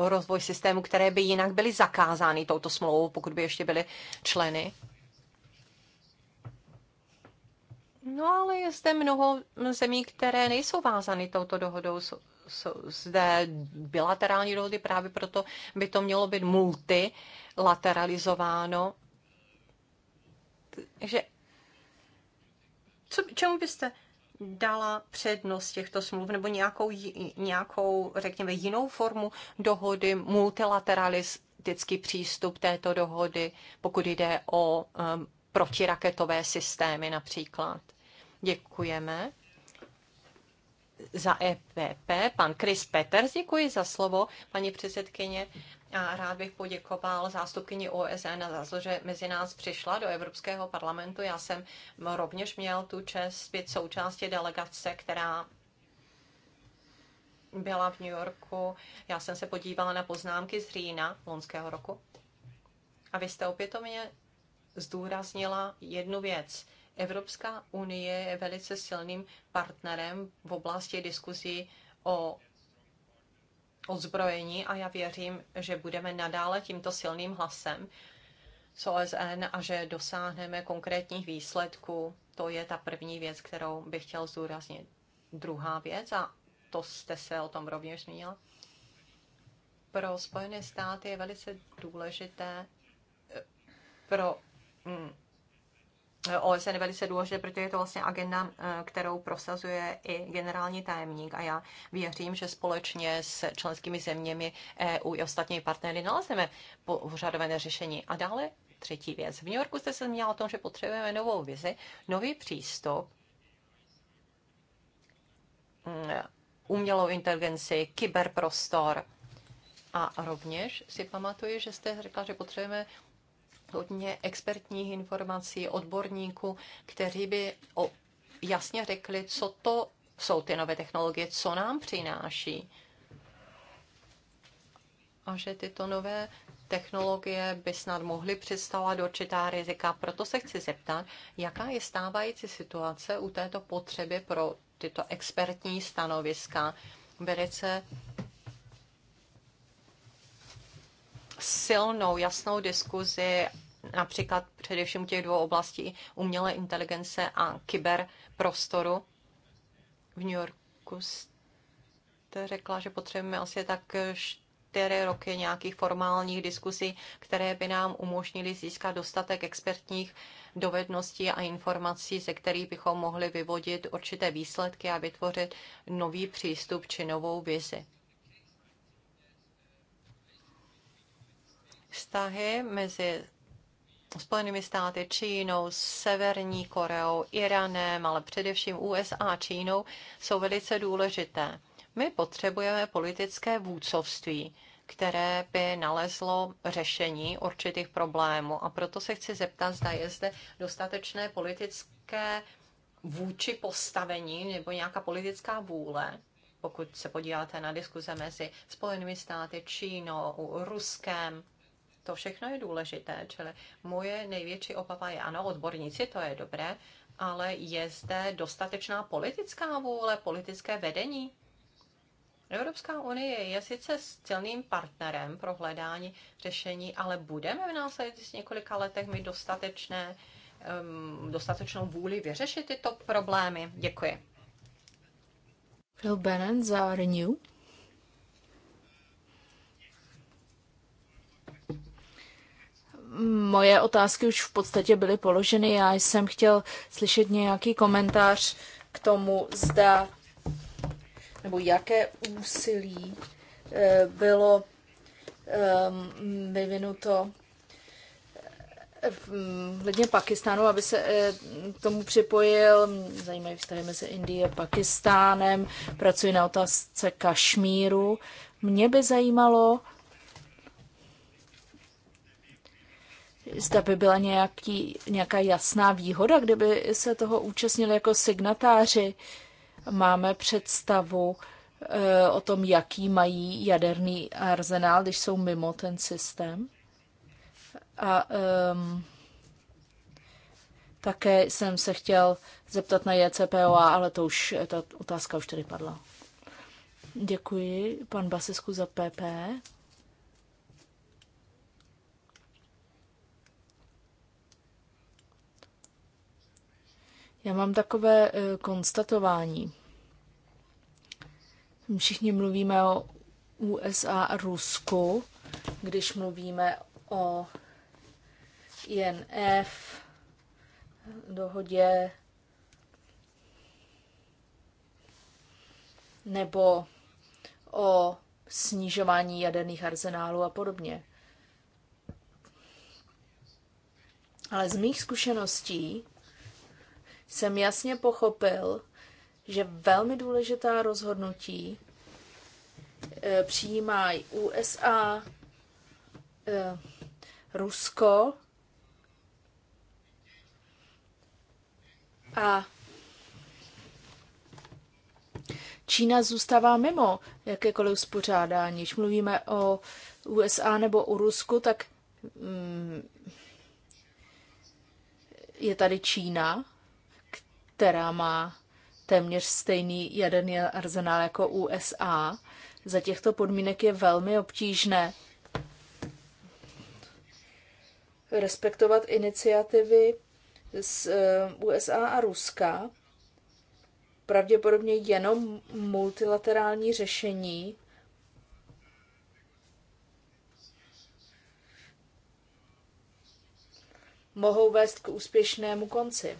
rozvoj systému, které by jinak byly zakázány touto smlouvou, pokud by ještě byly členy? No ale je zde mnoho zemí, které nejsou vázány touto dohodou. Jsou, jsou zde bilaterální dohody, právě proto by to mělo být multilateralizováno. Takže co, čemu byste dala přednost těchto smluv nebo nějakou, nějakou, řekněme, jinou formu dohody, multilateralistický přístup této dohody, pokud jde o um, protiraketové systémy například. Děkujeme za EPP, pan Chris Peters, děkuji za slovo, paní předsedkyně. A rád bych poděkoval zástupkyni OSN za to, že mezi nás přišla do Evropského parlamentu. Já jsem rovněž měl tu čest být součástí delegace, která byla v New Yorku. Já jsem se podívala na poznámky z října loňského roku. A vy jste opětovně zdůraznila jednu věc. Evropská unie je velice silným partnerem v oblasti diskuzí o ozbrojení a já věřím, že budeme nadále tímto silným hlasem z OSN a že dosáhneme konkrétních výsledků. To je ta první věc, kterou bych chtěl zdůraznit. Druhá věc, a to jste se o tom rovněž zmínila, pro Spojené státy je velice důležité eh, pro mm, OSN je velice důležité, protože je to vlastně agenda, eh, kterou prosazuje i generální tajemník a já věřím, že společně s členskými zeměmi EU i ostatními partnery nalezeme požadované řešení. A dále třetí věc. V New Yorku jste se zmínila o tom, že potřebujeme novou vizi, nový přístup, mm, umělou inteligenci, kyberprostor, a rovněž si pamatuju, že jste řekla, že potřebujeme hodně expertních informací, odborníků, kteří by jasně řekli, co to jsou ty nové technologie, co nám přináší. A že tyto nové technologie by snad mohly představovat určitá rizika. Proto se chci zeptat, jaká je stávající situace u této potřeby pro tyto expertní stanoviska. Velice silnou, jasnou diskuzi například především těch dvou oblastí umělé inteligence a kyberprostoru. V New Yorku jste řekla, že potřebujeme asi tak čtyři roky nějakých formálních diskusí, které by nám umožnily získat dostatek expertních dovedností a informací, ze kterých bychom mohli vyvodit určité výsledky a vytvořit nový přístup či novou vizi. vztahy mezi Spojenými státy, Čínou, Severní Koreou, Iranem, ale především USA, a Čínou, jsou velice důležité. My potřebujeme politické vůdcovství, které by nalezlo řešení určitých problémů. A proto se chci zeptat, zda je zde dostatečné politické vůči postavení nebo nějaká politická vůle, pokud se podíváte na diskuze mezi Spojenými státy, Čínou, Ruskem, to všechno je důležité, čili moje největší obava je, ano, odborníci, to je dobré, ale je zde dostatečná politická vůle, politické vedení. Evropská unie je sice silným partnerem pro hledání řešení, ale budeme v následujících několika letech mít dostatečné, um, dostatečnou vůli vyřešit tyto problémy. Děkuji. Phil Bennett za Renew. moje otázky už v podstatě byly položeny. Já jsem chtěl slyšet nějaký komentář k tomu, zda nebo jaké úsilí eh, bylo ehm, vyvinuto eh, hm, hledně Pakistánu, aby se eh, k tomu připojil. Zajímají vztahy mezi Indie a Pakistánem. Pracuji na otázce Kašmíru. Mě by zajímalo, zda by byla nějaký, nějaká jasná výhoda, kdyby se toho účastnili jako signatáři. Máme představu e, o tom, jaký mají jaderný arzenál, když jsou mimo ten systém. A e, také jsem se chtěl zeptat na JCPOA, ale to už, ta otázka už tady padla. Děkuji, pan Basisku, za PP. Já mám takové e, konstatování. Všichni mluvíme o USA a Rusku, když mluvíme o INF, dohodě nebo o snižování jaderných arzenálů a podobně. Ale z mých zkušeností jsem jasně pochopil, že velmi důležitá rozhodnutí e, přijímají USA, e, Rusko a Čína zůstává mimo jakékoliv uspořádání. Když mluvíme o USA nebo o Rusku, tak mm, je tady Čína, která má téměř stejný jaderný arzenál jako USA. Za těchto podmínek je velmi obtížné respektovat iniciativy z eh, USA a Ruska. Pravděpodobně jenom multilaterální řešení mohou vést k úspěšnému konci.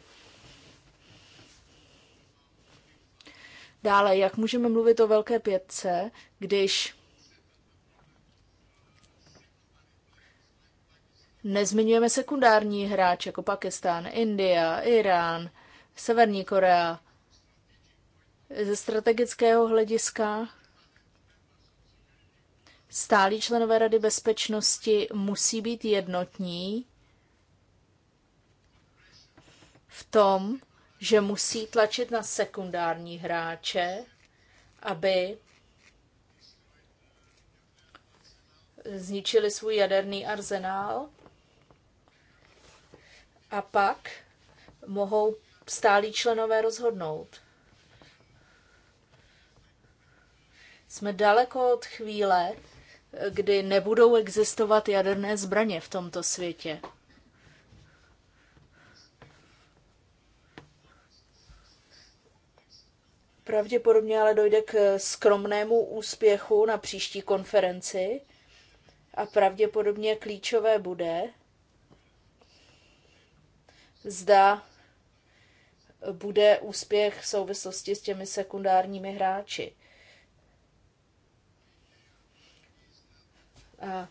Dále, jak můžeme mluvit o Velké pětce, když nezmiňujeme sekundární hráče jako Pakistán, India, Irán, Severní Korea. Ze strategického hlediska stálí členové Rady bezpečnosti musí být jednotní v tom, že musí tlačit na sekundární hráče, aby zničili svůj jaderný arzenál a pak mohou stálí členové rozhodnout. Jsme daleko od chvíle, kdy nebudou existovat jaderné zbraně v tomto světě. Pravděpodobně ale dojde k skromnému úspěchu na příští konferenci a pravděpodobně klíčové bude, zda bude úspěch v souvislosti s těmi sekundárními hráči. A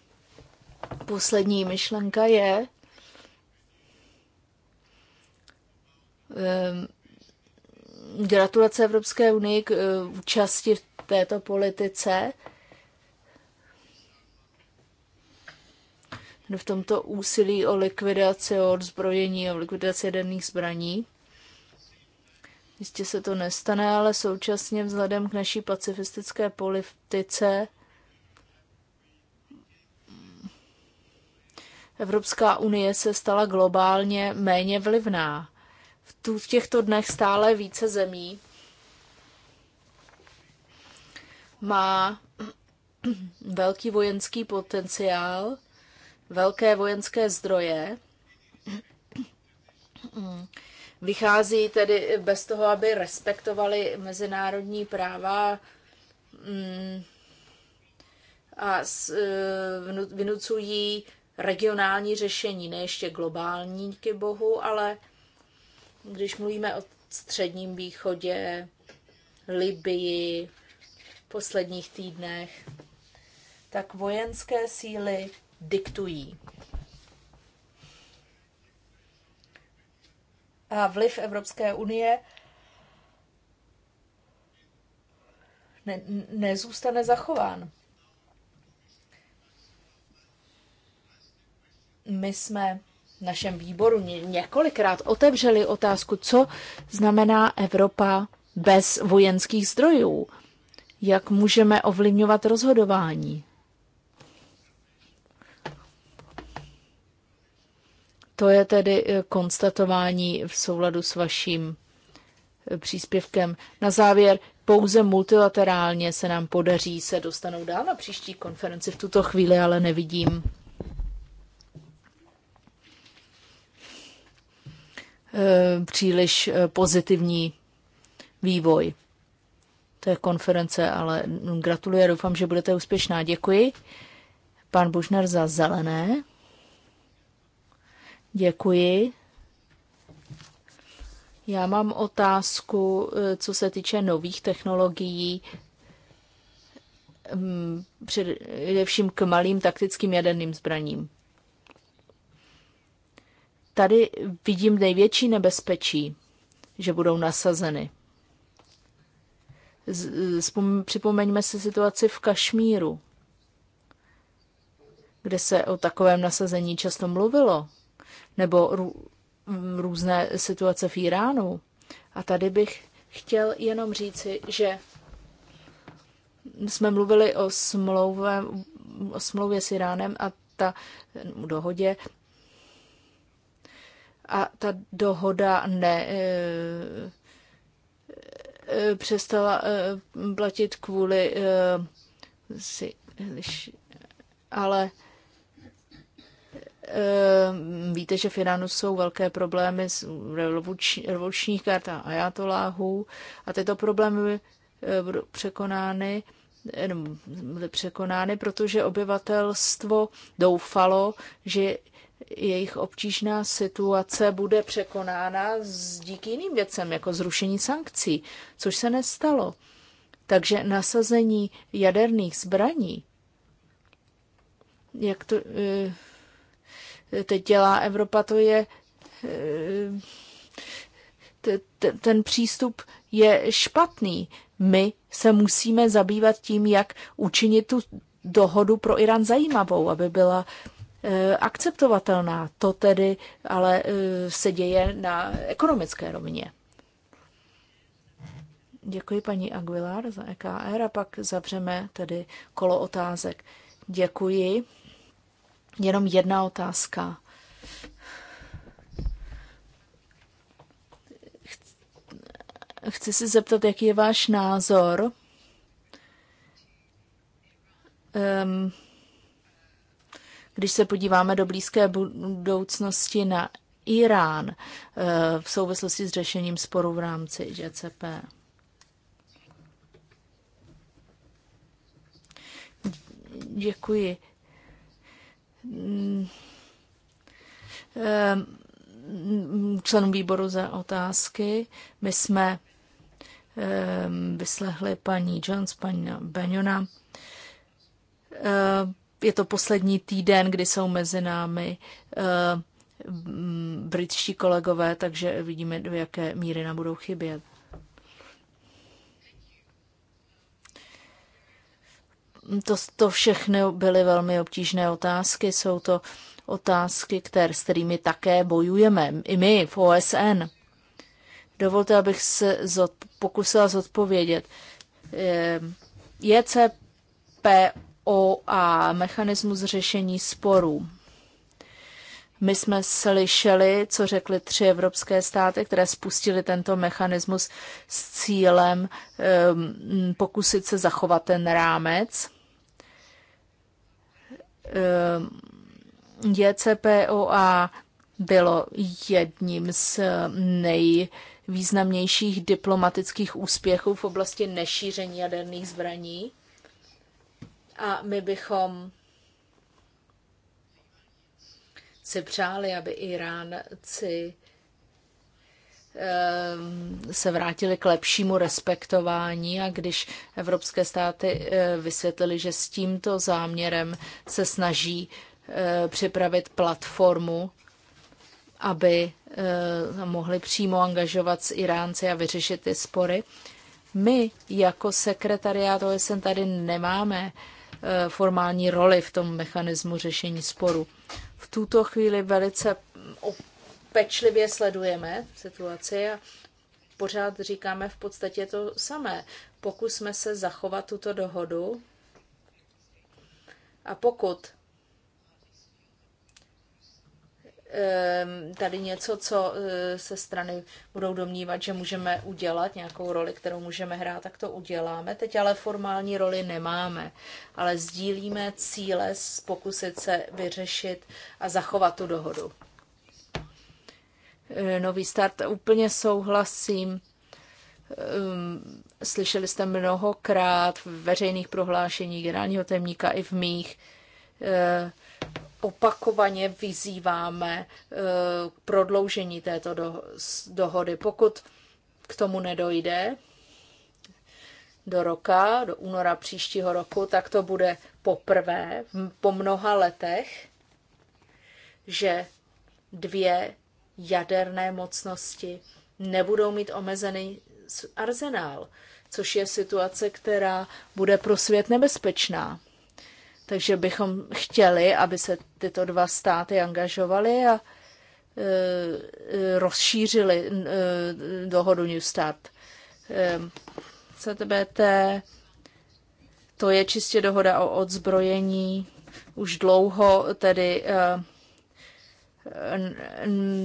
poslední myšlenka je, um, gratulace Evropské unii k eh, účasti v této politice. v tomto úsilí o likvidaci, o odzbrojení, o likvidaci jaderných zbraní. Jistě se to nestane, ale současně vzhledem k naší pacifistické politice Evropská unie se stala globálně méně vlivná v, tu, v těchto dnech stále více zemí má [clears throat] velký vojenský potenciál, velké vojenské zdroje. [clears throat] Vychází tedy bez toho, aby respektovali mezinárodní práva mm, a e, vynucují regionální řešení, ne ještě globální, díky bohu, ale když mluvíme o středním východě, Libii v posledních týdnech, tak vojenské síly diktují. A vliv Evropské unie ne, nezůstane zachován. My jsme našem výboru několikrát otevřeli otázku, co znamená Evropa bez vojenských zdrojů. Jak můžeme ovlivňovat rozhodování? To je tedy eh, konstatování v souladu s vaším eh, příspěvkem. Na závěr, pouze multilaterálně se nám podaří se dostanou dál na příští konferenci. V tuto chvíli ale nevidím Eh, příliš eh, pozitivní vývoj té konference, ale gratuluji a doufám, že budete úspěšná. Děkuji. Pan Bušner za zelené. Děkuji. Já mám otázku, eh, co se týče nových technologií, mm, především k malým taktickým jaderným zbraním tady vidím největší nebezpečí, že budou nasazeny. Připomeňme si situaci v Kašmíru, kde se o takovém nasazení často mluvilo, nebo mm, různé situace v Iránu. A tady bych chtěl jenom říci, že jsme mluvili o, smlouvě, o smlouvě s Iránem a ta dohodě a ta dohoda ne e, e, přestala e, platit kvůli si, ale víte, že v Iránu jsou velké problémy s revolučních kart a ajatoláhů a tyto problémy budou překonány byly překonány, protože obyvatelstvo doufalo, že jejich obtížná situace bude překonána s, díky jiným věcem, jako zrušení sankcí, což se nestalo. Takže nasazení jaderných zbraní, jak to eh, teď dělá Evropa, to je eh, ten přístup je špatný. My se musíme zabývat tím, jak učinit tu dohodu pro Irán zajímavou, aby byla Eh, akceptovatelná. To tedy ale eh, se děje na ekonomické rovině. Děkuji paní Aguilar za EKR a pak zavřeme tedy kolo otázek. Děkuji. Jenom jedna otázka. Chci se zeptat, jaký je váš názor um, když se podíváme do blízké budoucnosti na Irán eh, v souvislosti s řešením sporu v rámci JCP. Děkuji. Ehm, členům výboru za otázky. My jsme ehm, vyslechli paní Jones, paní Benjona. Ehm, je to poslední týden, kdy jsou mezi námi eh, britští kolegové, takže vidíme, do jaké míry nám budou chybět. To, to všechny byly velmi obtížné otázky. Jsou to otázky, které, s kterými také bojujeme, i my v OSN. Dovolte, abych se zod, pokusila zodpovědět. Eh, JCPO OA, mechanismus řešení sporů. My jsme slyšeli, co řekly tři evropské státy, které spustili tento mechanismus s cílem um, pokusit se zachovat ten rámec. Um, ehm, JCPOA bylo jedním z nejvýznamnějších diplomatických úspěchů v oblasti nešíření jaderných zbraní a my bychom si přáli, aby Iránci ehm, se vrátili k lepšímu respektování a když evropské státy eh, vysvětlili, že s tímto záměrem se snaží eh, připravit platformu, aby eh, mohli přímo angažovat s Iránci a vyřešit ty spory. My jako sekretariát OSN tady nemáme Eh, formální roli v tom mechanismu řešení sporu. V tuto chvíli velice pečlivě sledujeme situaci a pořád říkáme v podstatě to samé. Pokusme se zachovat tuto dohodu a pokud Ehm, tady něco, co eh, se strany budou domnívat, že můžeme udělat, nějakou roli, kterou můžeme hrát, tak to uděláme. Teď ale formální roli nemáme, ale sdílíme cíle pokusit se vyřešit a zachovat tu dohodu. Eh, nový start, úplně souhlasím. Ehm, slyšeli jste mnohokrát v veřejných prohlášeních generálního temníka i v mých eh, opakovaně vyzýváme eh, k prodloužení této dohody. Pokud k tomu nedojde do roka, do února příštího roku, tak to bude poprvé po mnoha letech, že dvě jaderné mocnosti nebudou mít omezený arzenál, což je situace, která bude pro svět nebezpečná. Takže bychom chtěli, aby se tyto dva státy angažovaly a e, e, rozšířili e, dohodu New Start. CTBT, to je čistě dohoda o odzbrojení. Už dlouho tedy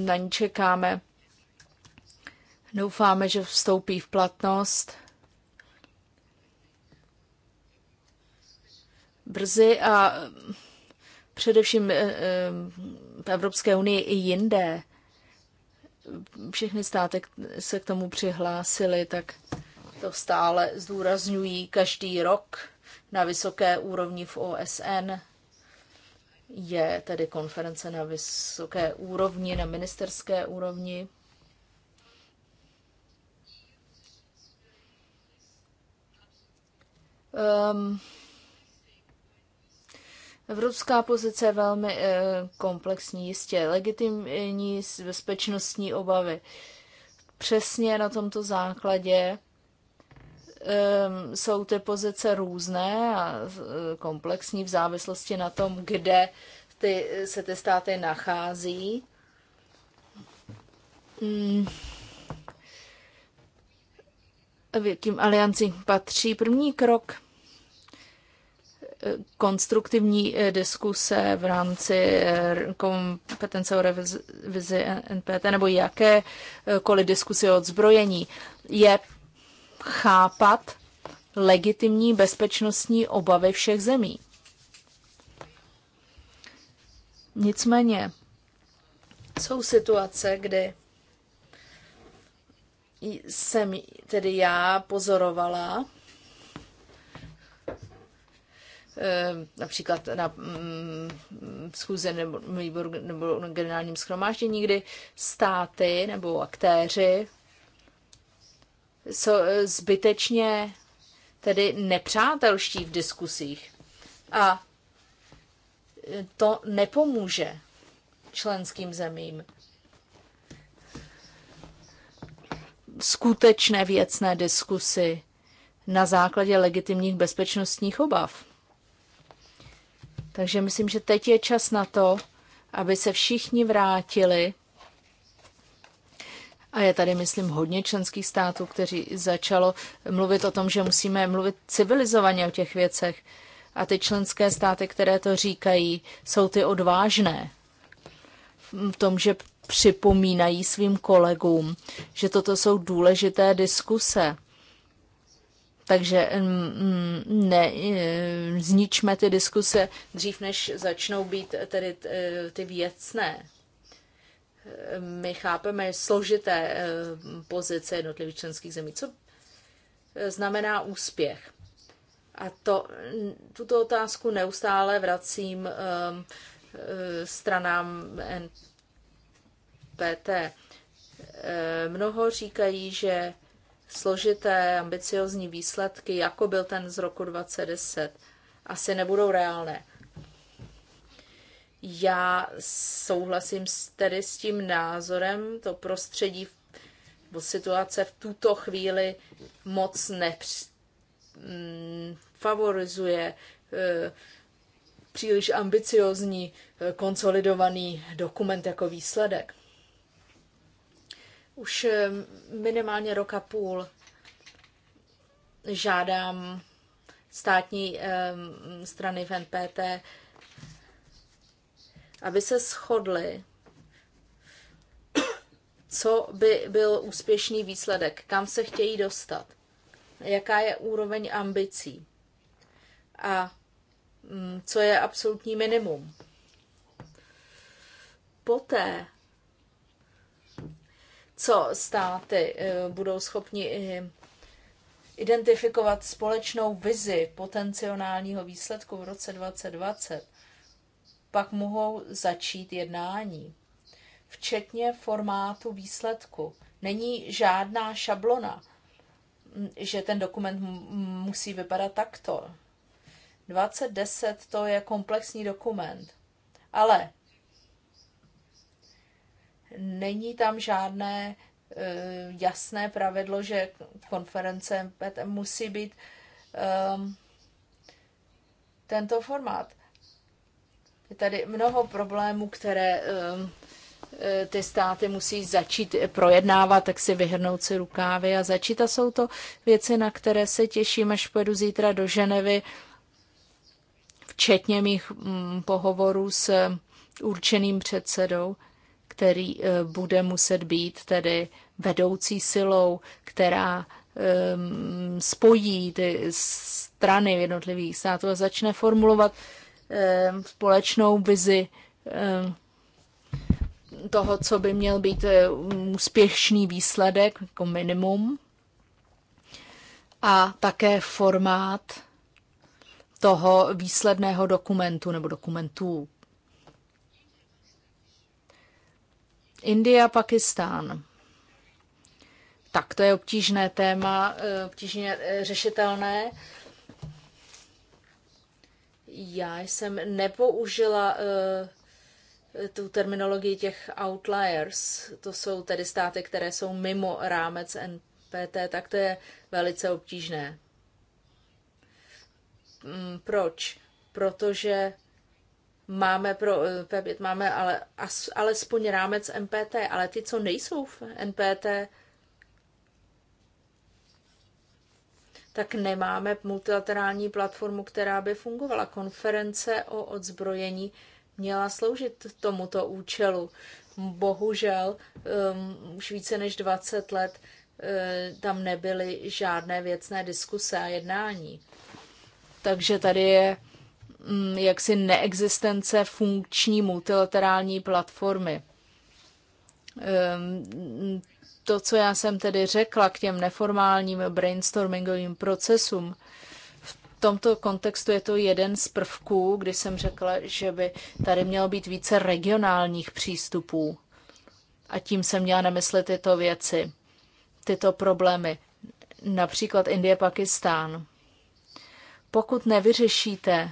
na ní čekáme. Doufáme, že vstoupí v platnost brzy a eh, především eh, eh, v Evropské unii i jinde. Všechny státy se k tomu přihlásily, tak to stále zdůrazňují každý rok na vysoké úrovni v OSN. Je tedy konference na vysoké úrovni, na ministerské úrovni. Um, Evropská pozice je velmi eh, komplexní, jistě legitimní bezpečnostní obavy. Přesně na tomto základě ehm, jsou ty pozice různé a eh, komplexní v závislosti na tom, kde ty, eh, se ty státy nachází. Hmm. V jakým aliancím patří první krok konstruktivní eh, diskuse v rámci eh, kompetence o revizi NPT nebo jakékoliv diskuse o odzbrojení je chápat legitimní bezpečnostní obavy všech zemí. Nicméně jsou situace, kdy jsem tedy já pozorovala Eh, například na mm, schůze nebo nebo, nebo na generálním schromáždění, kdy státy nebo aktéři jsou eh, zbytečně tedy nepřátelští v diskusích. A to nepomůže členským zemím. Skutečné věcné diskusy na základě legitimních bezpečnostních obav. Takže myslím, že teď je čas na to, aby se všichni vrátili. A je tady, myslím, hodně členských států, kteří začalo mluvit o tom, že musíme mluvit civilizovaně o těch věcech. A ty členské státy, které to říkají, jsou ty odvážné v tom, že připomínají svým kolegům, že toto jsou důležité diskuse takže mm, mm, ne, e, zničme ty diskuse dřív, než začnou být tedy e, ty věcné. E, my chápeme složité pozice jednotlivých členských zemí. Co znamená úspěch? A to, tuto otázku neustále vracím stranám NPT. Mnoho říkají, že složité, ambiciozní výsledky, jako byl ten z roku 2010, asi nebudou reálné. Já souhlasím tedy s tím názorem, to prostředí nebo situace v tuto chvíli moc nefavorizuje mm, favorizuje eh, příliš ambiciozní eh, konsolidovaný dokument jako výsledek už eh, minimálně roka půl žádám státní eh, strany v NPT, aby se shodly, co by byl úspěšný výsledek, kam se chtějí dostat, jaká je úroveň ambicí a mm, co je absolutní minimum. Poté co státy eh, budou schopni eh, identifikovat společnou vizi potenciálního výsledku v roce 2020, pak mohou začít jednání, včetně formátu výsledku. Není žádná šablona, že ten dokument musí vypadat takto. 2010 to je komplexní dokument, ale Není tam žádné e, jasné pravidlo, že konference musí být tento formát. Je tady mnoho problémů, které e, ty státy musí začít projednávat, tak si vyhrnout si rukávy a začít. A jsou to věci, na které se těším, až pojedu zítra do Ženevy, včetně mých mm, pohovorů s určeným předsedou který eh, bude muset být tedy vedoucí silou, která ehm, spojí ty strany jednotlivých států a začne formulovat ehm, společnou vizi ehm, toho, co by měl být eh, úspěšný výsledek, jako minimum, a také formát toho výsledného dokumentu nebo dokumentů. Indie a Pakistán. Tak to je obtížné téma, eh, obtížně eh, řešitelné. Já jsem nepoužila eh, tu terminologii těch outliers, to jsou tedy státy, které jsou mimo rámec NPT, tak to je velice obtížné. Mm, proč? Protože máme pro eh, p máme ale as, alespoň rámec NPT, ale ty, co nejsou v NPT, tak nemáme multilaterální platformu, která by fungovala. Konference o odzbrojení měla sloužit tomuto účelu. Bohužel um, už více než 20 let eh, tam nebyly žádné věcné diskuse a jednání. Takže tady je Mm, jaksi neexistence funkční multilaterální platformy. Ehm, to, co já jsem tedy řekla k těm neformálním brainstormingovým procesům, v tomto kontextu je to jeden z prvků, kdy jsem řekla, že by tady mělo být více regionálních přístupů. A tím jsem měla nemyslet tyto věci, tyto problémy. Například Indie, Pakistán. Pokud nevyřešíte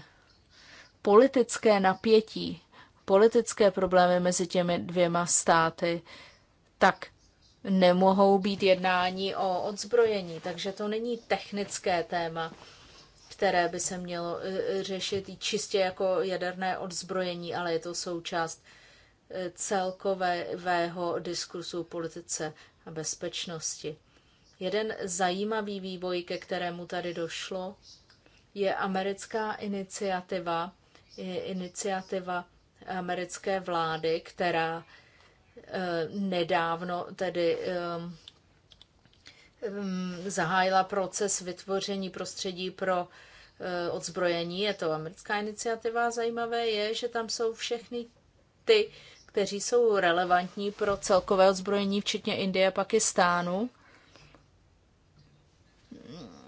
politické napětí, politické problémy mezi těmi dvěma státy, tak nemohou být jednání o odzbrojení. Takže to není technické téma, které by se mělo e, e, řešit čistě jako jaderné odzbrojení, ale je to součást e, celkového diskursu o politice a bezpečnosti. Jeden zajímavý vývoj, ke kterému tady došlo, je americká iniciativa iniciativa americké vlády, která eh, nedávno tedy eh, mm, zahájila proces vytvoření prostředí pro eh, odzbrojení. Je to americká iniciativa. Zajímavé je, že tam jsou všechny ty, kteří jsou relevantní pro celkové odzbrojení, včetně Indie a Pakistánu.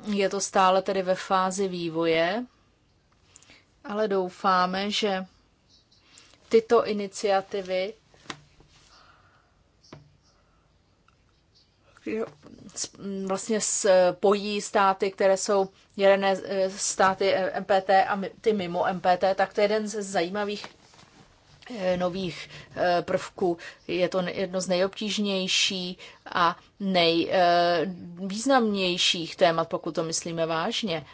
Je to stále tedy ve fázi vývoje ale doufáme, že tyto iniciativy vlastně spojí státy, které jsou jedené eh, státy MPT a ty mimo MPT, tak to je jeden ze zajímavých eh, nových eh, prvků. Je to jedno z nejobtížnější a nejvýznamnějších témat, pokud to myslíme vážně.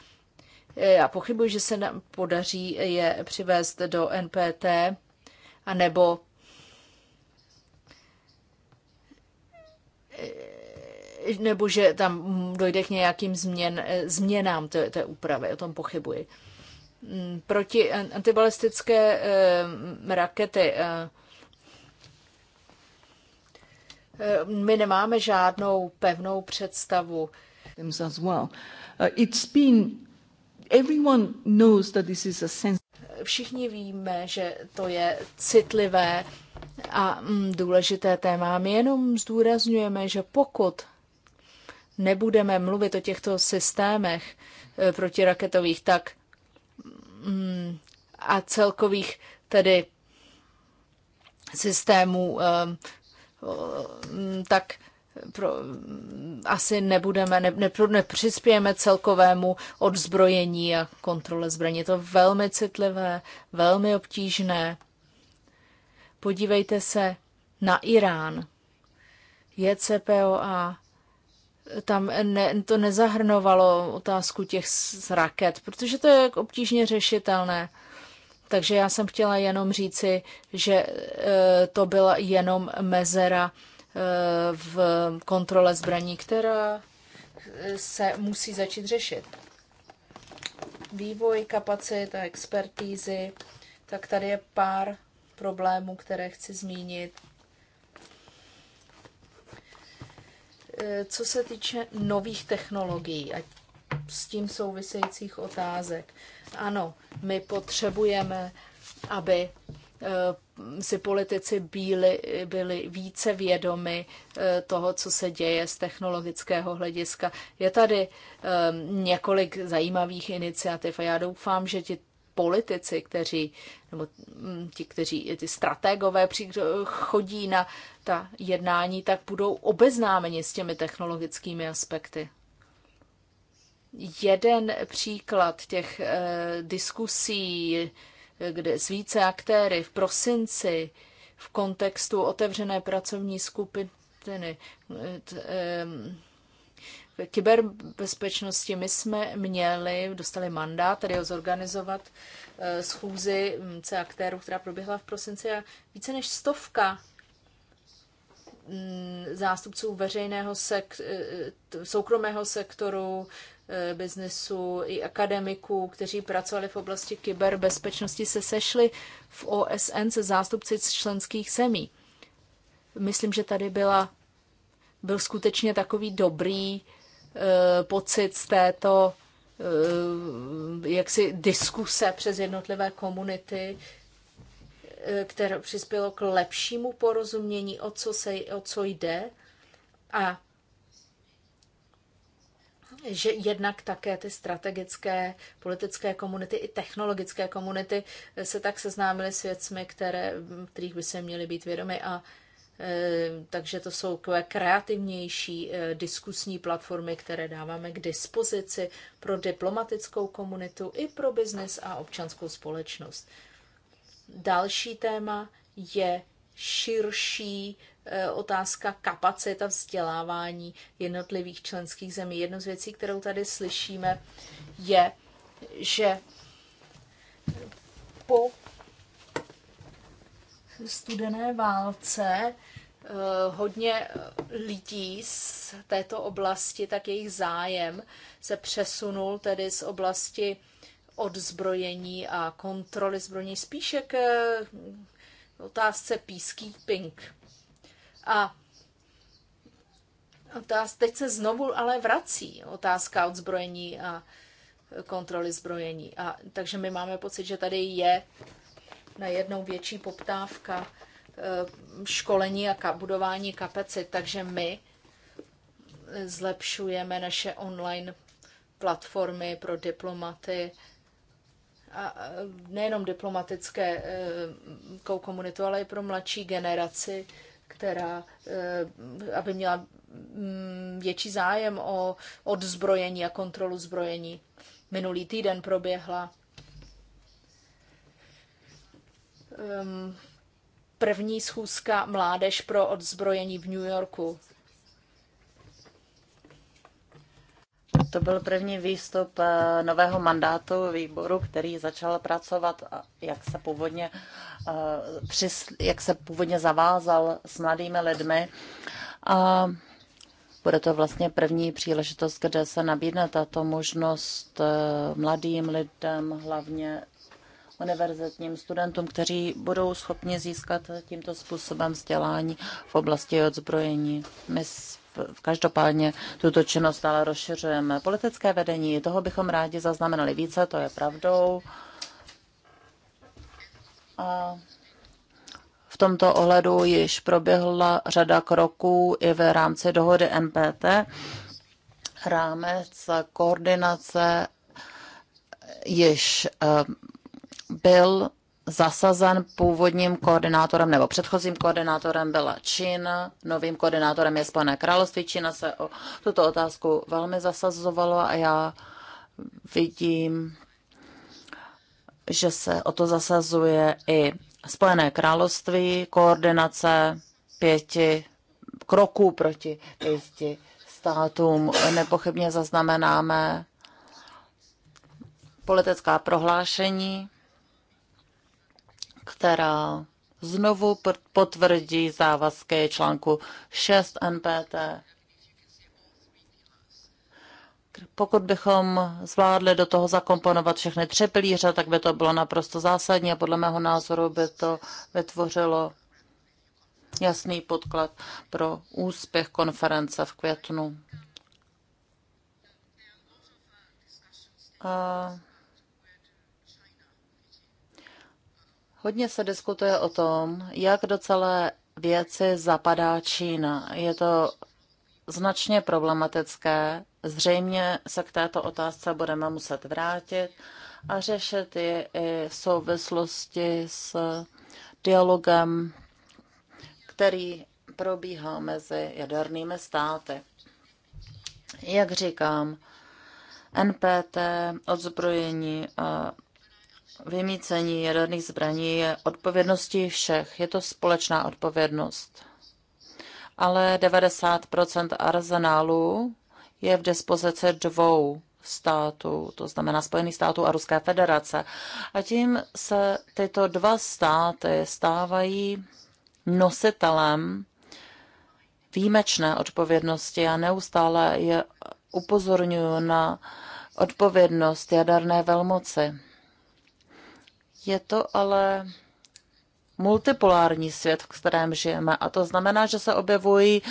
Já pochybuji, že se nám podaří je přivést do NPT, anebo nebo že tam dojde k nějakým změn, změnám té, té úpravy, o tom pochybuji. Proti antibalistické eh, rakety eh, eh, my nemáme žádnou pevnou představu. As well. Uh, it's been everyone knows that this is a všichni víme, že to je citlivé a mm, důležité téma. My jenom zdůrazňujeme, že pokud nebudeme mluvit o těchto systémech e, protiraketových, tak mm, a celkových tedy systémů, e, mm, tak pro, asi nebudeme, ne, ne, nepřispějeme celkovému odzbrojení a kontrole zbraní. Je to velmi citlivé, velmi obtížné. Podívejte se na Irán. Je CPOA. Tam ne, to nezahrnovalo otázku těch raket, protože to je obtížně řešitelné. Takže já jsem chtěla jenom říci, že e, to byla jenom mezera Eh, v kontrole zbraní, která eh, se musí začít řešit. Vývoj kapacit a expertízy, tak tady je pár problémů, které chci zmínit. Eh, co se týče nových technologií a s tím souvisejících otázek, ano, my potřebujeme, aby Eh, si politici byli, byli více vědomi eh, toho, co se děje z technologického hlediska. Je tady eh, několik zajímavých iniciativ a já doufám, že ti politici, kteří, nebo hm, ti, kteří, ty strategové chodí na ta jednání, tak budou obeznámeni s těmi technologickými aspekty. Jeden příklad těch eh, diskusí kde s více aktéry v prosinci v kontextu otevřené pracovní skupiny kyberbezpečnosti my jsme měli, dostali mandát tedy zorganizovat eh, schůzi C aktérů, e která proběhla v prosinci a více než stovka Mm, zástupců veřejného sek- eh, soukromého sektoru, eh, biznesu i akademiků, kteří pracovali v oblasti kyberbezpečnosti, se sešli v OSN se zástupci členských zemí. Myslím, že tady byla, byl skutečně takový dobrý eh, pocit z této jaksi diskuse přes jednotlivé komunity, které přispělo k lepšímu porozumění, o co, se, o co jde a že jednak také ty strategické politické komunity i technologické komunity se tak seznámily s věcmi, které, kterých by se měly být vědomy a e, takže to jsou kreativnější e, diskusní platformy, které dáváme k dispozici pro diplomatickou komunitu i pro biznis a občanskou společnost. Další téma je širší eh, otázka kapacita vzdělávání jednotlivých členských zemí. Jedno z věcí, kterou tady slyšíme, je, že po studené válce eh, hodně eh, lidí z této oblasti, tak jejich zájem se přesunul tedy z oblasti odzbrojení a kontroly zbrojení, spíše k eh, otázce peacekeeping. A otázka, teď se znovu ale vrací otázka odzbrojení a kontroly zbrojení. A, takže my máme pocit, že tady je najednou větší poptávka eh, školení a budování kapacit, takže my zlepšujeme naše online platformy pro diplomaty, a nejenom diplomatické, eh, komunitu, ale i pro mladší generaci, která, eh, aby měla mm, větší zájem o odzbrojení a kontrolu zbrojení. Minulý týden proběhla ehm, první schůzka Mládež pro odzbrojení v New Yorku To byl první výstup eh, nového mandátu výboru, který začal pracovat, jak se původně, eh, jak se původně zavázal s mladými lidmi. A bude to vlastně první příležitost, kde se nabídne tato možnost eh, mladým lidem, hlavně univerzitním studentům, kteří budou schopni získat tímto způsobem vzdělání v oblasti odzbrojení. My v každopádně tuto činnost stále rozšiřujeme. Politické vedení, toho bychom rádi zaznamenali více, to je pravdou. A v tomto ohledu již proběhla řada kroků i v rámci dohody NPT. Rámec koordinace již eh, byl zasazen původním koordinátorem nebo předchozím koordinátorem byla Čín, novým koordinátorem je Spojené království. Čína se o tuto otázku velmi zasazovala a já vidím, že se o to zasazuje i Spojené království, koordinace pěti kroků proti pěti státům. Nepochybně zaznamenáme politická prohlášení která znovu potvrdí závazky článku 6 NPT. Pokud bychom zvládli do toho zakomponovat všechny tři pilíře, tak by to bylo naprosto zásadní a podle mého názoru by to vytvořilo jasný podklad pro úspěch konference v květnu. A Hodně se diskutuje o tom, jak do celé věci zapadá Čína. Je to značně problematické. Zřejmě se k této otázce budeme muset vrátit a řešit je i v souvislosti s dialogem, který probíhá mezi jadernými státy. Jak říkám, NPT, odzbrojení a vymícení jaderných zbraní je odpovědností všech. Je to společná odpovědnost. Ale 90 arzenálu je v dispozici dvou států, to znamená Spojených států a Ruské federace. A tím se tyto dva státy stávají nositelem výjimečné odpovědnosti. Já neustále je upozorňuji na odpovědnost jaderné velmoci. Je to ale multipolární svět, v kterém žijeme. A to znamená, že se objevují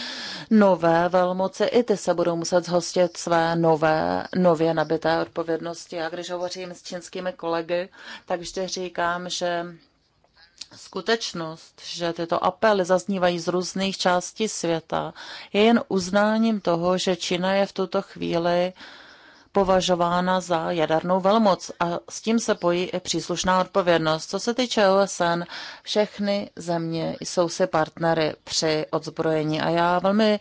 nové velmoci, i ty se budou muset zhostit své nové, nově nabité odpovědnosti. A když hovořím s čínskými kolegy, tak vždy říkám, že skutečnost, že tyto apely zaznívají z různých částí světa, je jen uznáním toho, že Čína je v tuto chvíli uh, považována za jadernou velmoc a s tím se pojí i příslušná odpovědnost. Co se týče OSN, všechny země jsou si partnery při odzbrojení a já velmi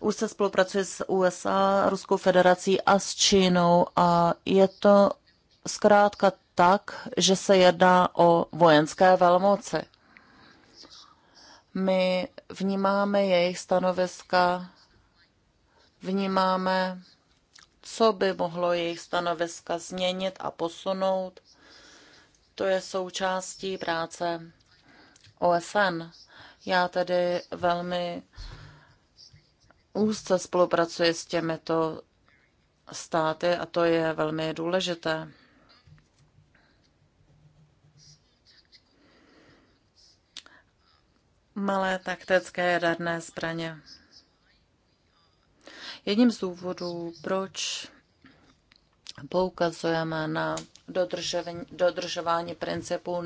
už se spolupracuji s USA, Ruskou federací a s Čínou a je to zkrátka tak, že se jedná o vojenské velmoci. My vnímáme jejich stanoviska, vnímáme co by mohlo jejich stanoviska změnit a posunout. To je součástí práce OSN. Já tedy velmi úzce spolupracuji s těmito státy a to je velmi důležité. Malé taktické jaderné zbraně. Jedním z důvodů, proč poukazujeme na dodržování principu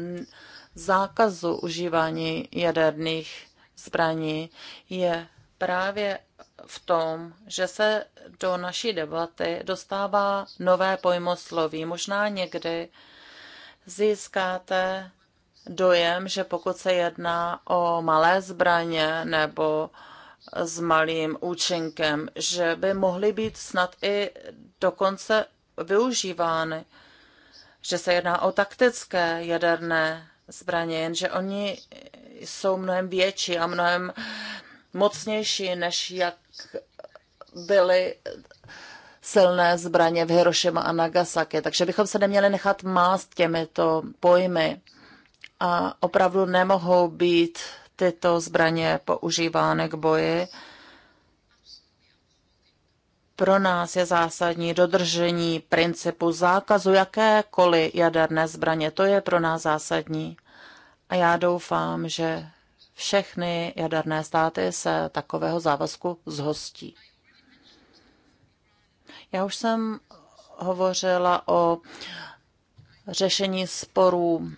zákazu užívání jaderných zbraní, je právě v tom, že se do naší debaty dostává nové pojmosloví. Možná někdy získáte dojem, že pokud se jedná o malé zbraně nebo uh, s malým účinkem, že by mohly být snad i dokonce využívány, že se jedná o taktické jaderné zbraně, jenže oni jsou mnohem větší a mnohem mocnější, než jak byly silné zbraně v Hirošima a Nagasaki. Takže bychom se neměli nechat mást těmito pojmy a opravdu nemohou být tyto zbraně používány k boji. Pro nás je zásadní dodržení principu zákazu jakékoliv jaderné zbraně. To je pro nás zásadní. A já doufám, že všechny jaderné státy se takového závazku zhostí. Já už jsem hovořila o řešení sporů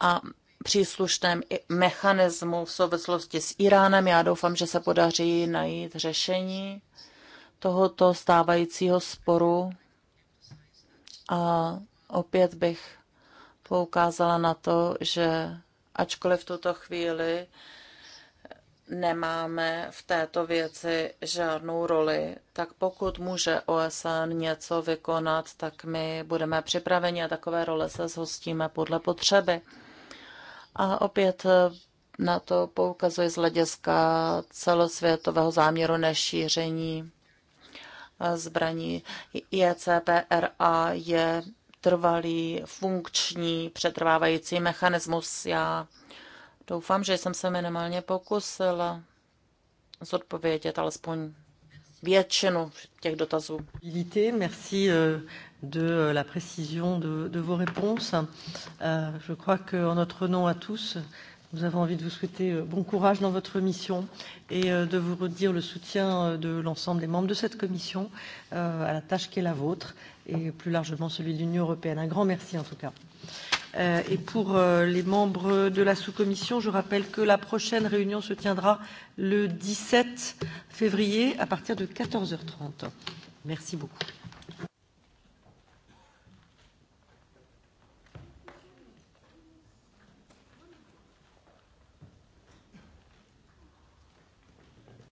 a příslušném mechanismu v souvislosti s Iránem. Já doufám, že se podaří najít řešení tohoto stávajícího sporu. A opět bych poukázala na to, že ačkoliv v tuto chvíli nemáme v této věci žádnou roli, tak pokud může OSN něco vykonat, tak my budeme připraveni a takové role se zhostíme podle potřeby. A opět eh, na to poukazuje z hlediska celosvětového záměru nešíření eh, zbraní. ICPRA e je trvalý, funkční, přetrvávající mechanismus. Já doufám, že jsem se minimálně pokusila zodpovědět alespoň většinu těch dotazů. Merci eh, de euh, la précision de, de vos réponses. Euh, je crois qu'en notre nom à tous, nous avons envie de vous souhaiter euh, bon courage dans votre mission et euh, de vous redire le soutien de l'ensemble des membres de cette commission euh, à la tâche qui est la vôtre et plus largement celui de l'Union européenne. Un grand merci en tout cas. Euh, et pour euh, les membres de la sous-commission, je rappelle que la prochaine réunion se tiendra le 17 février à partir de 14h30. Merci beaucoup.